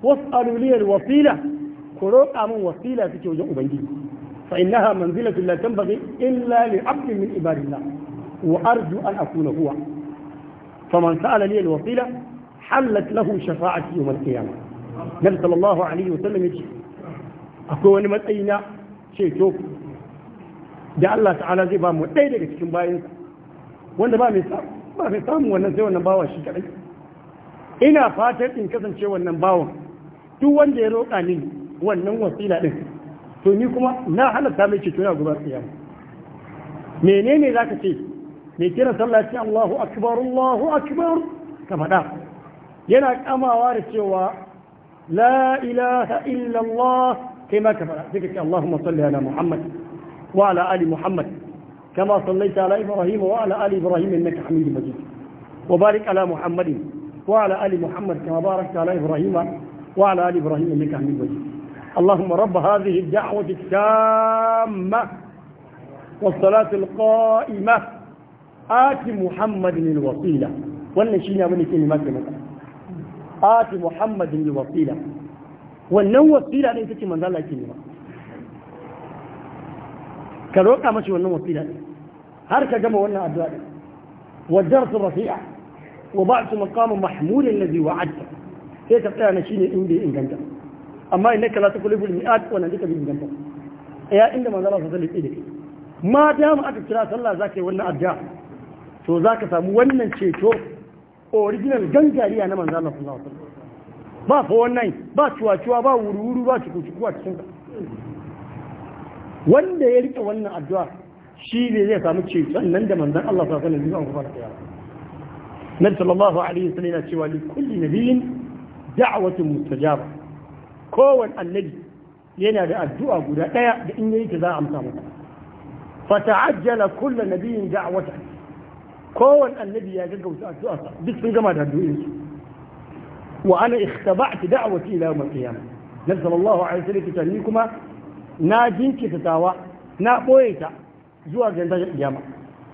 was'alu li al-wasila ku roƙa min wasila suke wajen ubangiji fa innaha manzilatu la tanbaghi illa li abdin min ibadillah wa arju an akuna huwa faman sa'ala li al-wasila halat lahu shafa'ati yawm al-qiyamah nabi sallallahu alaihi wasallam yace akwai wani matsayi na ce ceto da Allah ta'ala zai ba mu ɗaya daga cikin bayansa wanda ba mai samu ba mai samu wannan sai wannan bawa shi kadai ina fatan in kasance wannan bawan duk wanda ya roƙa ni wannan wasila ɗin to ni kuma na halatta mai ceto na gobe kiyama menene zaka ce mai kira sallah ce Allahu akbar Allahu akbar ka faɗa yana kamawa da cewa la ilaha illa Allah kai ma ka faɗa sai ka ce Allahumma salli ala Muhammad wa ala ali Muhammad كما صليت على إبراهيم وعلى آل إبراهيم إنك حميد مجيد وبارك على محمد وعلى آل محمد كما باركت على إبراهيم وعلى آل إبراهيم إنك حميد مجيد اللهم رب هذه الدعوة التامة والصلاة القائمة آت محمد الوصيلة والنشينا من كلمات مدى آت محمد الوصيلة والنو وصيلة أن يتكي من ذلك كلمة كروكا مشي والنو وصيلة هارك جمع والنا أدوال والدرس الرفيع وبعث مقام محمول الذي وعدت هي إيه تقيا نشيني إندي إن كنت amma innaka la tuqlibu al-mi'at wa nadika bi dhanba ya inda manzo Allah sallallahu alaihi wasallam ma ta mu aka kira sallah zaka yi wannan addu'a to zaka samu wannan ceto original gangariya na manzo Allah sallallahu alaihi wasallam ba fa wannan ba ciwa-ciwa ba wuru ba ciku-ciku a cikin wanda ya rike wannan addu'a shi ne zai samu ceton nan da manzon Allah sallallahu alaihi wasallam zai fara Nabi sallallahu alaihi wasallam yana cewa li kulli nabiyyin da'watun mustajaba kowane annabi yana da addu'a guda ɗaya da in yayi ta za a amsa masa fata'ajjala kullu nabiyyin da'wata kowane annabi ya gaggauta addu'a duk sun gama da addu'o'in su wa ana ikhtaba'tu da'wati ila yawm al-qiyamah nabi sallallahu alaihi wasallam ta ni kuma na jinkirta tawa na ɓoye ta zuwa ga ranar kiyama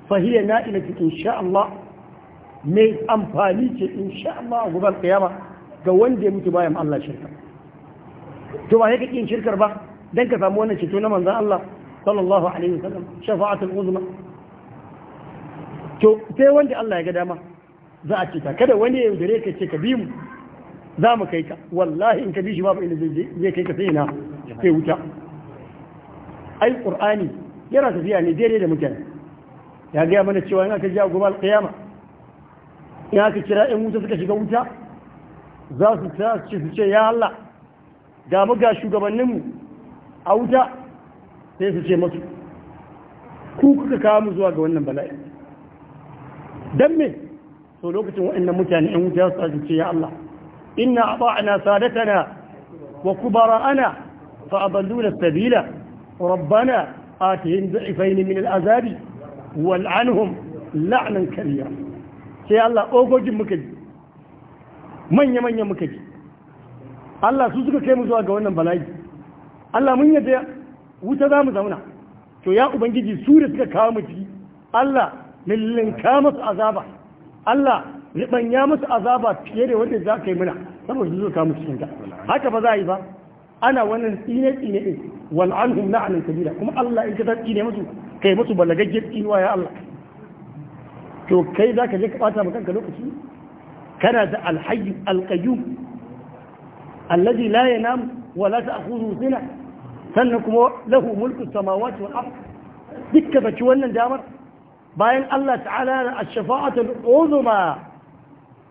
fa hiya na'ilatu insha Allah mai amfani ce insha Allah gobe kiyama ga wanda ya mutu bayan Allah shirka to ba sai ka kin shirkar ba dan ka samu wannan ceto na manzon Allah sallallahu alaihi wasallam shafa'atul uzma to sai wanda Allah ya ga dama za a ce kada wani ya yaudare ka ce ka bi mu za mu ka wallahi in ka bi shi babu inda zai kai ka sai na sai wuta ai qur'ani yana tafiya ne daidai da mutane ya gaya mana cewa yana ka ji kira in wuta suka shiga wuta za ta su ya ga mu ga shugabanninmu a wuta sai su ce masu ku kuka kawo mu zuwa ga wannan bala'i don me so lokacin waɗannan mutane yan wuta su a ya Allah inna ata'na sadatana wa ana fa aballuna sabila rabbana atihim du'ifaini min al'azabi wal'anhum la'nan kariya sai Allah ogogin muka ji manya-manya muka ji Allah su suka kai mu zuwa ga wannan bala'i Allah mun yadda wuta za mu zauna to ya ubangiji su da suka kawo mu ciki Allah lillinka masu azaba Allah ribanya masu azaba fiye da wanda za ka yi muna saboda su suka kawo mu cikin ta haka ba za a yi ba ana wannan tsine tsine din wal anhum na'lan kabira kuma Allah in ka ta tsine musu kai musu balagaggen tsinuwa ya Allah to kai za ka je ka bata maka lokaci kana da alhayy alqayyum allazi layana yanam wa la ta'khudhu sina sannan kuma lahu mulku samawati wal ard dukka baci wannan damar bayan Allah ta'ala da ash-shafa'atu al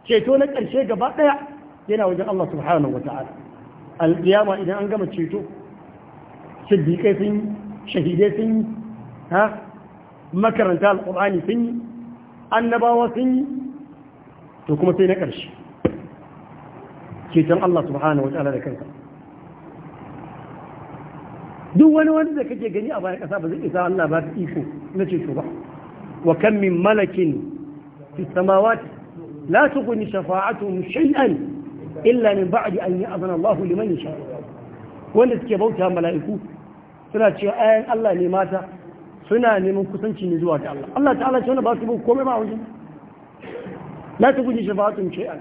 ceto na karshe gaba daya yana wajen Allah subhanahu wa ta'ala al-qiyama idan an gama ceto siddiqai sun yi shahidai sun yi makaranta al-qur'ani annabawa sun yi to kuma sai na ƙarshe ceton Allah subhanahu wa ta'ala da kanka. duk wani wanda da kake gani a bayan ƙasa ba zai isa Allah ba ta iko na ceto ba wa kan min malakin fi samawati la tughni shafa'atuhum shay'an illa min ba'di an ya'zana Allah liman yasha wanda suke bauta mala'iku suna cewa ayan Allah ne mata suna neman kusanci ne zuwa ga Allah Allah ta'ala ce wanda ba su bu komai ba wajen la tughni shafa'atuhum shay'an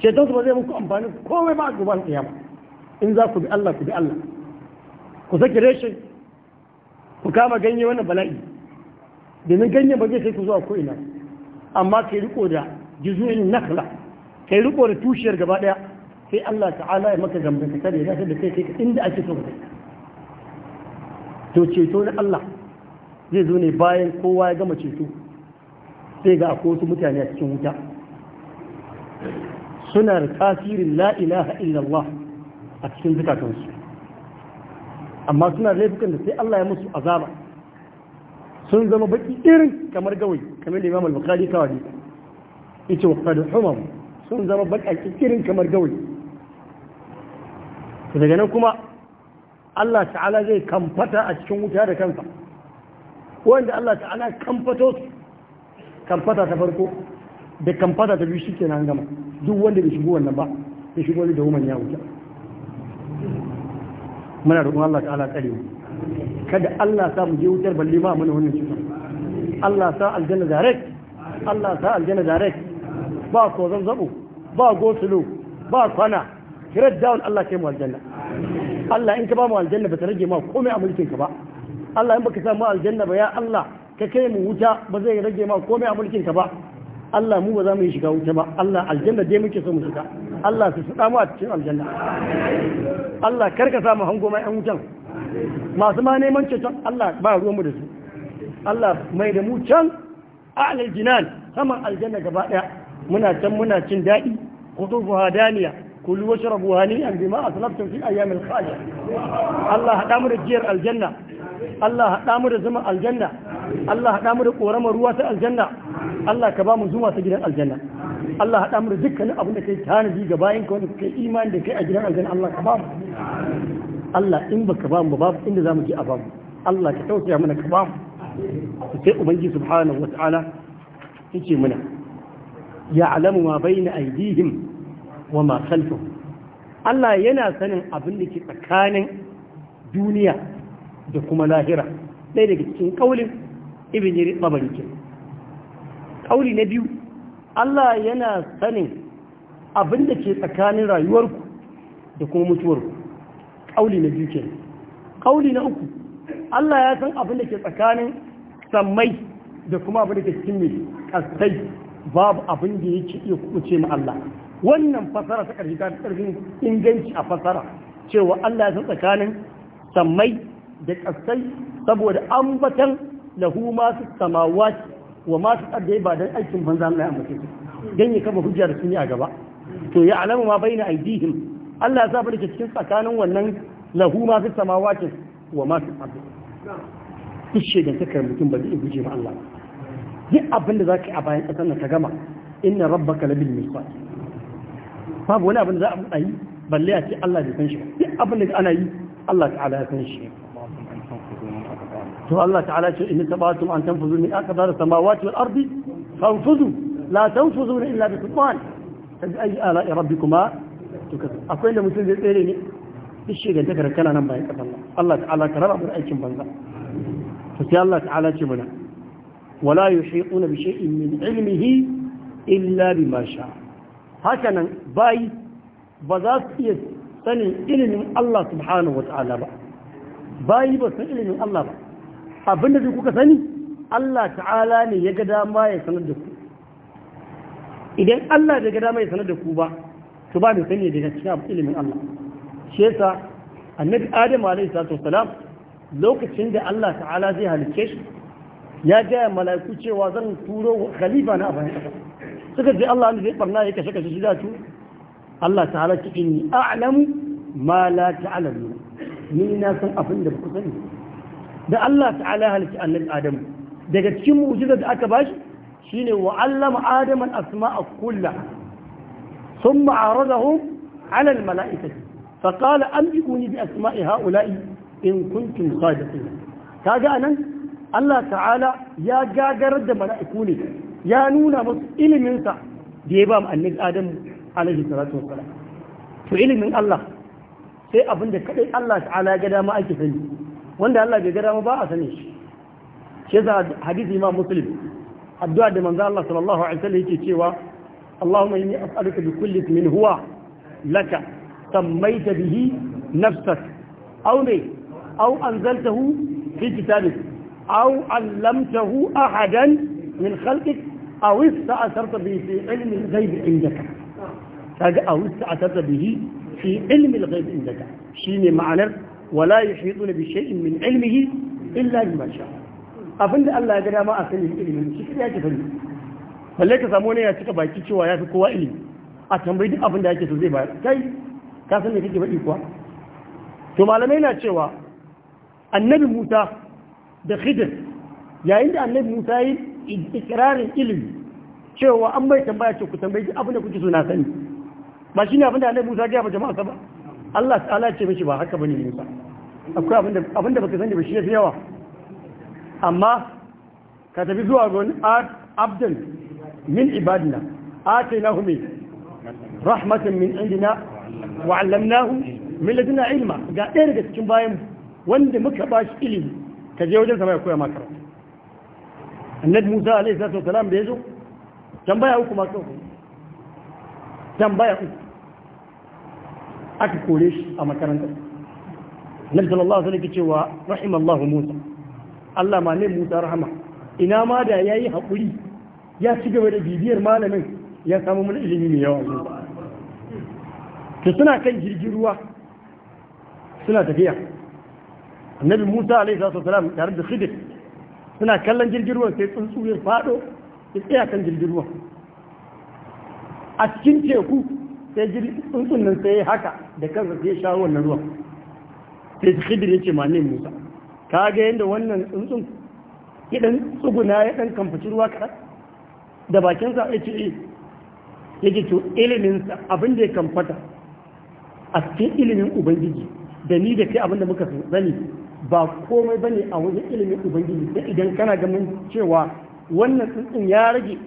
shaitan su ba zai muku amfani komai ba a gaban kiyama in za ku bi Allah ku bi Allah ku saki reshe, ku kama ganye wannan bala'i domin ganye ba zai kai ku zuwa ko ina amma kai riko da jizuyin nakla kai riko da tushiyar gaba daya sai Allah ta'ala ya maka gamba ka tare ya da kai kai inda ake so ka to ceto na Allah zai zo ne bayan kowa ya gama ceto sai ga akwai wasu mutane a cikin wuta suna da tasirin la'ilaha ilaha illallah a cikin zukatansu amma suna da laifukan da sai Allah ya musu azaba sun zama baki irin kamar gawai kamar da imam al-bukhari kawai yace wa qad humam sun zama baki irin kamar gawai daga nan kuma Allah ta'ala zai kamfata a cikin wuta da kansa wanda Allah ta'ala kamfato kamfata ta farko da kamfata ta biyu shi ke shikenan gama duk wanda bai shigo wannan ba ya shigo da woman ya wuta muna roƙon Allah ta'ala tsare mu kada Allah sa mu je wutar balle ba mana wannan cutar Allah sa aljanna direct Allah sa aljanna direct ba ko zanzabo ba gosulo ba kwana kirat down Allah kai mu aljanna Allah in ka ba mu aljanna ba ta rage ma komai a mulkin ka ba Allah in baka sa mu aljanna ba ya Allah ka kai mu wuta ba zai rage ma komai a mulkin ka ba Allah mu ba za mu yi shiga wuta ba Allah aljanna dai muke so mu shiga Allah su su mu a cikin aljanna Allah karka sa mu hango mai yan wutan masu ma neman ceton Allah ba ruwan mu da su Allah mai da mu can a aljinan saman aljanna gaba daya muna can muna cin daɗi kutufu hadaniya kulu washrabu hani'an bima aslaftum fi ayyamil khalid Allah hada mu da jiyar aljanna Allah haɗa mu da zama aljanna Allah haɗa mu da ƙoramar ruwa ta aljanna Allah ka ba mu zuwa ta gidan aljanna Allah haɗa mu da dukkanin abin da kai tanadi ga bayan ka wanda kai imani da kai a gidan aljanna Allah ka ba mu Allah in baka ba mu babu inda zamu je a ba mu Allah ka tausaya mana ka ba mu sai ubangiji subhanahu wataala yace mana ya'lamu ma baina aydihim wa ma khalfahum Allah yana sanin abin da ke tsakanin duniya da kuma lahira ɗaya daga cikin kaulin ibn yi ɓabari ke kauli na biyu Allah yana sanin abin da ke tsakanin rayuwarku da kuma mutuwarku kauli na biyu ke kauli na uku Allah ya san abin da ke tsakanin sammai da kuma abin da ke cikin mai kastai babu abin da yake iya kuce ma Allah wannan fasara ta ƙarfi ta ƙarfin inganci a fasara cewa Allah ya san tsakanin sammai da kasai saboda ambatan lahu ma su samawati wa ma su tsadda ba don aikin banza Allah ya ambace su dan ya kafa hujjar sun yi a gaba to ya alama ma baina aidihim Allah ya sa barke cikin tsakanin wannan lahu ma su samawati wa ma su tsadda duk shedan takar mutum ba zai guje ma Allah Yi abin da zaka yi a bayan ƙasar na ta gama inna rabbaka labil misal babu wani abin da za a yi balle a ce Allah bai san shi ba. duk abin da ana yi Allah ta'ala ya san shi to Allah ta'ala ce in tabatum an tanfuzu min aqdar samawati wal ardi fanfuzu la tanfuzuna illa bi sultan kaji ayi ala rabbikuma to akwai da mutum zai tsere ne duk shegan ta karkana nan bayan kasan Allah ta'ala ka raba mu aikin banza to sai Allah ta'ala ce mana wala yuhiquna bi shay'in min ilmihi illa bima sha haka nan bai ba za su iya sanin ilimin Allah subhanahu wa ta'ala ba bai ba san ilimin Allah ba abinda su kuka sani Allah ta'ala ne ya ga dama ya sanar da ku idan Allah bai ga dama ya sanar da ku ba to ba da sani daga cikin ilimin Allah shi yasa annabi Adam alaihi salatu wasalam lokacin da Allah ta'ala zai halicce shi ya gaya mala'iku cewa zan turo khalifa na abin kasa suka ce Allah zai barna ya kashe kashe shi da tu Allah ta'ala ki inni a'lamu ma la ta'lamu ni na san abin da ku sani da Allah ta'ala halitta annabi Adamu daga cikin mu'jizar da aka bashi shine wa allama Adamu al-asma'a kulla thumma aradahum 'ala al-mala'ikati fa qala anbi'uni bi asma'i ha'ula'i in kuntum sadiqin kaga anan Allah ta'ala ya gagarar da mala'iku ne ya nuna musu ilimin sa da ya ba mu annabi Adamu alaihi salatu wassalam to ilimin Allah sai abinda kadai Allah ta'ala ya ga dama ake sani wanda Allah bai gada ba a sani shi shi yasa hadisi imam muslim addu'a da manzo Allah sallallahu alaihi wasallam yake cewa Allahumma inni as'aluka bi kulli ismin huwa laka sammaita bihi nafsak aw ne aw anzaltahu fi kitabik aw allamtahu ahadan min khalqik aw ista'sarta bihi fi ilmi al-ghaib indaka kaga aw ista'sarta bihi fi ilmi al-ghaib indaka shine ma'anar wala yuhituna bi shay'in min ilmihi illa bima sha abinda Allah ya ga dama a sanin ilimin shi kada ya tafi balle ka samu ne ya cika baki cewa ya kowa ilimi a tambayi duk abin da yake so zai bayar kai ka san me kake faɗi kuwa to malamai na cewa annabi Musa da Khidir yayin da annabi Musa yi ikirarin ilimi cewa an bai tambaya tambayi so na ba shine abin da annabi Musa ya ba Allah ta'ala ce mishi ba haka bane Musa akwai abinda abinda baka sani ba shi yafi yawa amma ka tafi zuwa gon abdan min ibadina atainahu min rahmatan min indina wa 'allamnahu min ladina ilma ga ɗaya daga cikin bayan wanda muka ba shi ilimi ka je wajen sama ya koya maka annabi Musa alaihi salatu wasalam da yazo tambaya uku ma tambaya uku aka kore shi a makarantar nabi sallallahu alaihi wasallam cewa rahimallahu musa Allah ma ne musa rahama ina ma da yayi hakuri ya ci gaba da bibiyar malamin ya samu mana ilimi mai yawa to suna kan jirgin ruwa suna tafiya annabi musa alaihi wasallam tare da khidir suna kallon jirgin ruwan sai tsuntsu ya fado ya tsaya kan jirgin ruwan a cikin teku sai tsuntsun nan sai haka da kansa sai sha wannan ruwan sai su ya ce mane musa ka ga yadda wannan tsuntsun Idan tsuguna ya dan kamfaci ruwa kaɗan da bakinsa ya ce eh. ya ce to iliminsa abin da ya kamfata a cikin ilimin ubangiji da ni da kai abin da muka sani ba komai ba ne a wajen ilimin ubangiji sai idan kana ganin cewa wannan tsuntsun ya rage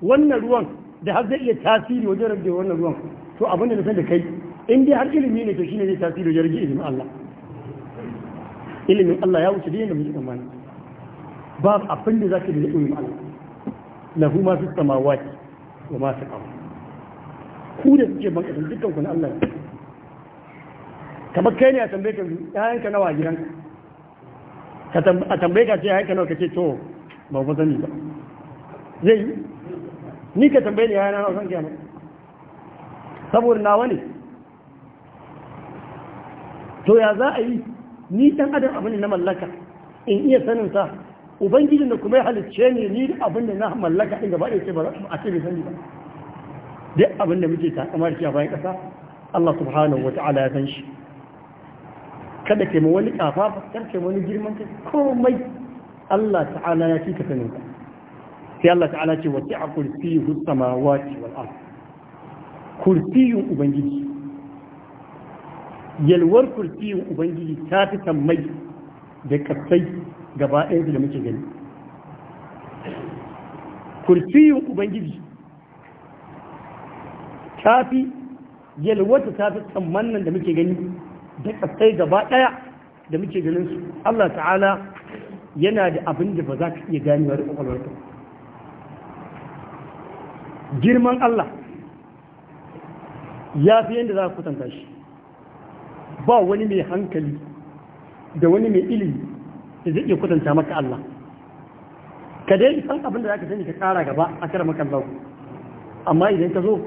wannan ruwan da har zai iya tasiri wajen rage wannan ruwan to abin da na san da kai in dai har ilimi ne to shine zai tasiri ya rage ilimin Allah ilimin Allah ya wuce da yanda muke tsammani ba abin da zaka da ilimin Allah lahu ma fi samawati wa ma fi ardh ku da suke ban kasan dukkan ku na Allah kamar kai ne a tambaye ka yayan ka nawa gidan ka a tambaye ka ce yayan ka nawa ka ce to ba ku sani ba zai yi ni ka tambaye ni yayan nawa san kiyama saboda nawa ne to ya za a yi ni ɗan adam abin na mallaka in iya sanin sa ubangijin da kuma ya halicce ne ni abin da na mallaka din gaba ɗaya ce ba a ce bai sani ba duk abin da muke takamar shi a bayan ƙasa Allah subhanahu wa ta'ala ya san shi kada ke wani kafa kar ke wani girman kai komai Allah ta'ala ya fi ka sanin ka sai Allah ta'ala ce wa ta'a kursiyu wa wal ardh kursiyin ubangiji yalwar kursiyin ubangiji ta fi sammai da kasai gaba ɗaya da muke gani kursiyin ubangiji ta fi yalwata ta fi tsammanin da muke gani da kasai gaba ɗaya da muke ganin su Allah ta'ala yana da abin da ba za ka iya ganewa da kwakwalwarka girman Allah ya fi yadda za ku kwatanta shi ba wani mai hankali da wani mai ilimi da zai iya kwatanta maka Allah ka dai san abin da za ka sani ka kara gaba a kara maka amma idan ka zo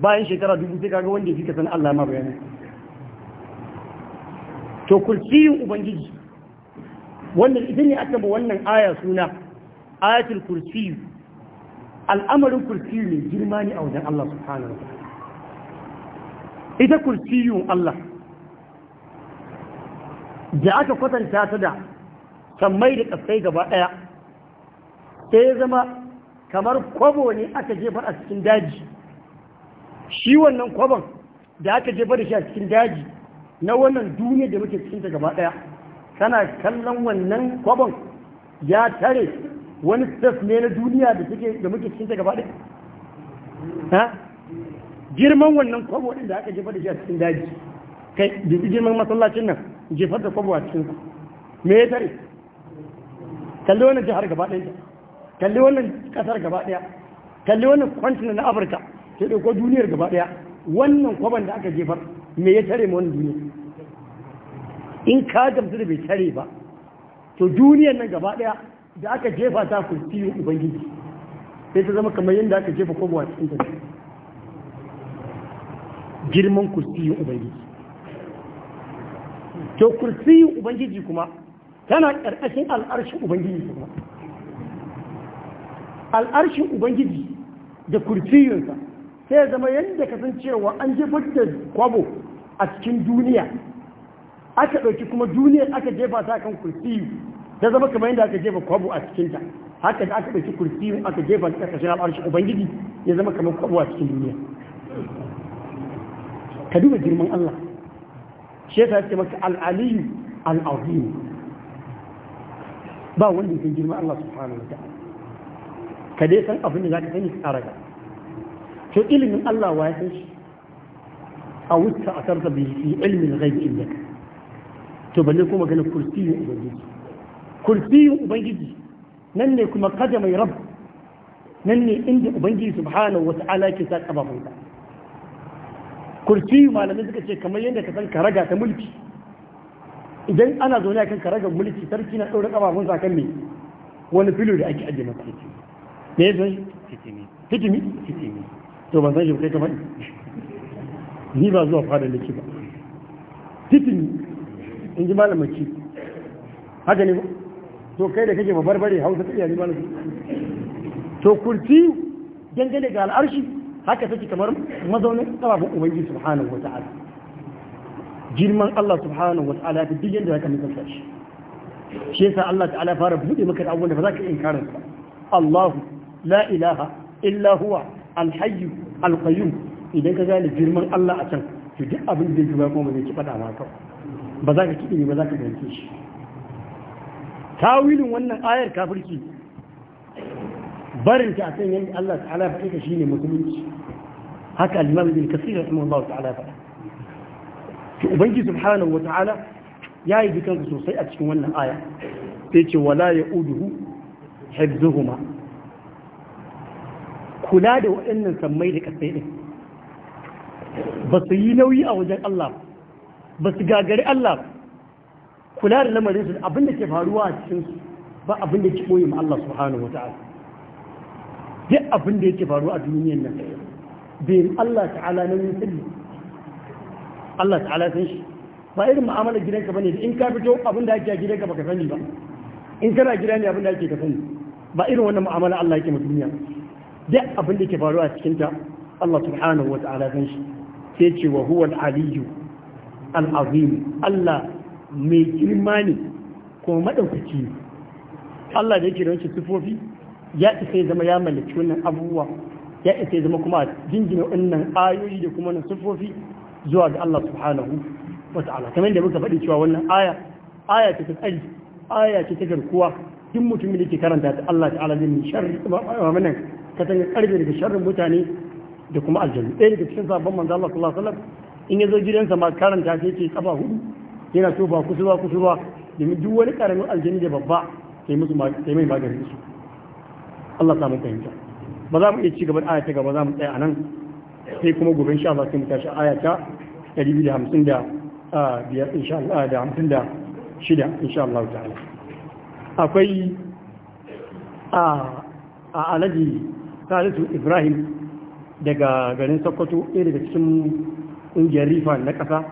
bayan shekara dubu sai kaga wanda ya fi ka san Allah ma bayani to kursiyin ubangiji wannan idan ne aka ba wannan aya suna ayatul kursiyu al'amarin kursiyu ne girma ne a wajen Allah subhanahu wa ta'ala ita kursiyun Allah da aka kwatanta ta da sammai da kasai gaba ɗaya sai zama kamar kwabo ne aka jefar a cikin daji shi wannan kwabon da aka jefar da shi a cikin daji na wannan duniya da muke cikinta gaba ɗaya kana kallon wannan kwabon ya tare wani stas ne na duniya da muke cikinta gaba ɗaya girman wannan kwabo ɗin da aka jefa da shi a cikin daji kai dubi girman masallacin nan jefar da kwabo a cikin su me ya tare kalli wannan jihar gaba ɗaya kalli wannan ƙasar gaba ɗaya kalli wannan kwantina na afirka ta ɗauko duniyar gaba ɗaya wannan kwaban da aka jefar me ya tare ma wannan duniya in ka gamsu da bai tare ba to duniyar nan gaba ɗaya da aka jefa ta kurciyo ubangiji sai ta zama kamar yadda aka jefa kwabo a cikin ta girman kursiyin ubangiji to kursiyin ubangiji kuma tana ƙarƙashin al'arshin ubangiji kuma al'arshin ubangiji da kursiyinsa sai ya zama yadda kasancewa an je da kwabo a cikin duniya aka ɗauki kuma duniyar aka jefa ta kan kursiyu ta zama kamar yadda aka jefa kwabo a cikinta haka da aka ɗauki kursiyu aka jefa ta ƙarƙashin al'arshin ubangiji ya zama kamar kwabo a cikin duniya ka duba girman Allah shekara ce maka al'aliyu al'azim ba wanda ke girman Allah subhanahu wa ta'ala ka dai san abin da za ka sani a tsara to ilimin Allah wa ya san shi a wuce a sarta bi fi ilmin ghaibi inda to balle kuma ganin kursiyin ubangiji kursiyin ubangiji nan ne kuma kada mai rab nan ne inda ubangiji subhanahu wa ta'ala ke sa kafafunsa kursi malamin suka ce kamar yadda ka san karaga ta mulki idan ana zaune akan karagar mulki sarki na ɗaurin ƙafafun sa ne wani filo da ake ajiye masa fitimi zai yasa fitimi fitimi fitimi to ban san shi kai ka ni ba zuwa fadar da ke ba fitimi in ji malamin ki haka ne ba to kai da kake ba barbare hausa ta iya ni malamci to kursi dangane ga al'arshi haka take kamar mazaunin sababin ubangiji subhanahu wa ta'ala girman Allah subhanahu wa ta'ala da duk yanda zaka misalta shi shi yasa Allah ta'ala fara bude maka abubuwan da ba za ka inkara ba Allahu la ilaha illa huwa al-hayy al-qayyum idan ka gane girman Allah a can to duk abin da yake ba kuma zai ki fada ma ka ba za ka kidi ba za ka gane shi tawilin wannan ayar kafirci barin barinta a kan yadda Allah ta'ala faɗi ta shine musulunci haka al-imam ibn kasir rahimahullah ta'ala faɗa to ubangi subhanahu wa ta'ala yayi dukan su sosai a cikin wannan aya sai ce wala ya'uduhu hibzuhuma kula da waɗannan sammai da kasai din ba su yi nauyi a wajen Allah ba su gagari Allah kula da lamarin su abinda ke faruwa a cikin ba abinda ke koyi ma Allah subhanahu wa ta'ala duk abin da yake faru a duniyar nan bayan Allah ta'ala na yin sirri Allah ta'ala san shi ba irin mu'amalar gidanka bane in ka fito abin da ake a gidanka baka sani ba in kana gida ne abin da ake ka sani ba irin wannan mu'amala Allah yake ma duniya duk abin da yake faru a cikin ta Allah subhanahu wa ta'ala san shi sai ce wa huwa al-aliyyu al-azim Allah mai girma ne kuma madaukaki Allah da yake da wancan sifofi ya isa zama ya mallaki wannan abubuwa ya isa zama kuma jingina wannan ayoyi da kuma wannan sufofi zuwa ga Allah subhanahu wa ta'ala kamar da muka faɗi cewa wannan aya aya ce ta tsari aya ce ta garkuwa duk mutumin da ke karanta ta Allah ta'ala zai min sharri ka san karbe daga sharrin mutane da kuma aljanna ɗaya daga cikin sabon manzo Allah sallallahu alaihi wasallam in ya zo gidansa ma karanta ta yake kafa hudu yana so ba kusurwa kusurwa domin duk wani karamin aljanni da babba sai musu sai mai magani su Allah samu fahimta ba za mu iya ci gaba da aya gaba za mu tsaya a nan sai kuma gobe insha Allah sai mu tashi ayata ta 250 da ah, insha Allah ah, da 50 shida insha Allah ta'ala akwai ah, a a alaji Salisu Ibrahim daga garin Sokoto ɗaya daga cikin ƙungiyar rifa na ƙasa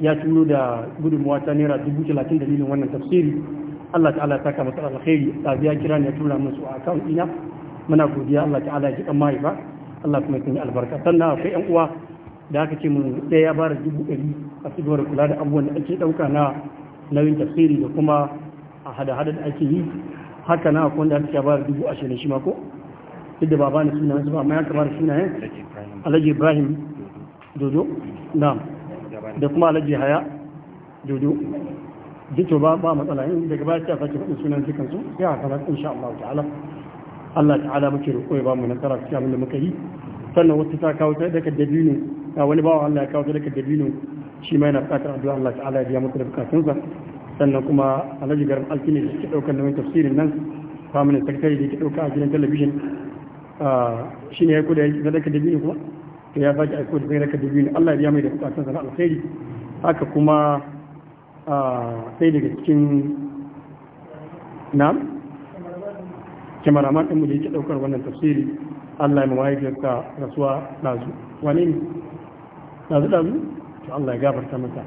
ya turo da gudunmuwa ta naira dubu talatin dalilin wannan tafsiri Allah ta'ala ta kama tsara alkhairi biya kira ne tura musu a kan ina muna godiya Allah ta'ala ji kan mahaifa Allah kuma ya albarka sannan akwai yan uwa da aka ce mun ɗaya ya bara dubu ɗari a kula da abubuwan da ake ɗauka na nauyin tafsiri da kuma a hada-hada da ake yi haka na akwai wanda ake dubu ashirin shi duk da su ba amma ya kamar alhaji ibrahim dodo na da kuma alhaji haya dodo jito ba ba matsala yin daga baya ta sake faɗin sunan dukan su sai a kalar insha Allah ta'ala Allah ta'ala muke roƙo ya ba mu nasara cikin abin da muka yi sannan wata ta kawo ta daga dabino ga wani bawa Allah ya kawo ta daga dabino shi ma yana addu'a Allah ta'ala ya biya da sannan kuma Alhaji Alkini da ke nauyin tafsirin nan famunan sakatare da ke a gidan talabijin shi ne ya kuda dabino kuma ya sake aiko da dabino Allah ya biya mai da bukatunsa na alkhairi haka kuma sai ah, daga cikin na kyamaraman ɗinmu da yake ɗaukar wannan tafsiri allah ya mahaifiyarsa rasuwa ɗazu wane ne ɗazu ɗazu to allah ya gafarta mata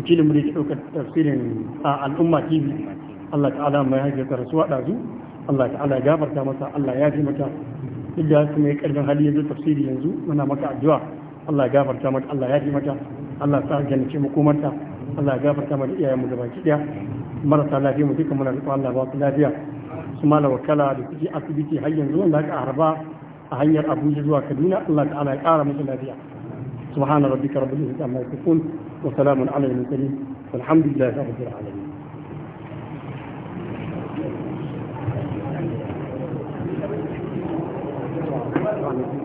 wakilin mu da yake ɗaukar tafsirin a al'umma tv allah ta'ala haifar rasuwa ɗazu allah ta'ala ya gafarta mata allah ya ji mata duk da haka mai ƙarfin hali yanzu tafsiri yanzu muna maka addu'a allah ya gafarta mata allah ya ji mata allah ta jannace makomarta Allah ya gafarta mana iyayenmu da baki daya marasa lafiya mu duka muna roƙon Allah ba su lafiya su mala wakala da kuke asibiti har yanzu wanda aka harba a hanyar Abuja zuwa Kaduna Allah ta'ala ya ƙara musu lafiya سبحان ربك رب العزة عما يصفون وسلام على المرسلين والحمد لله رب العالمين Thank you.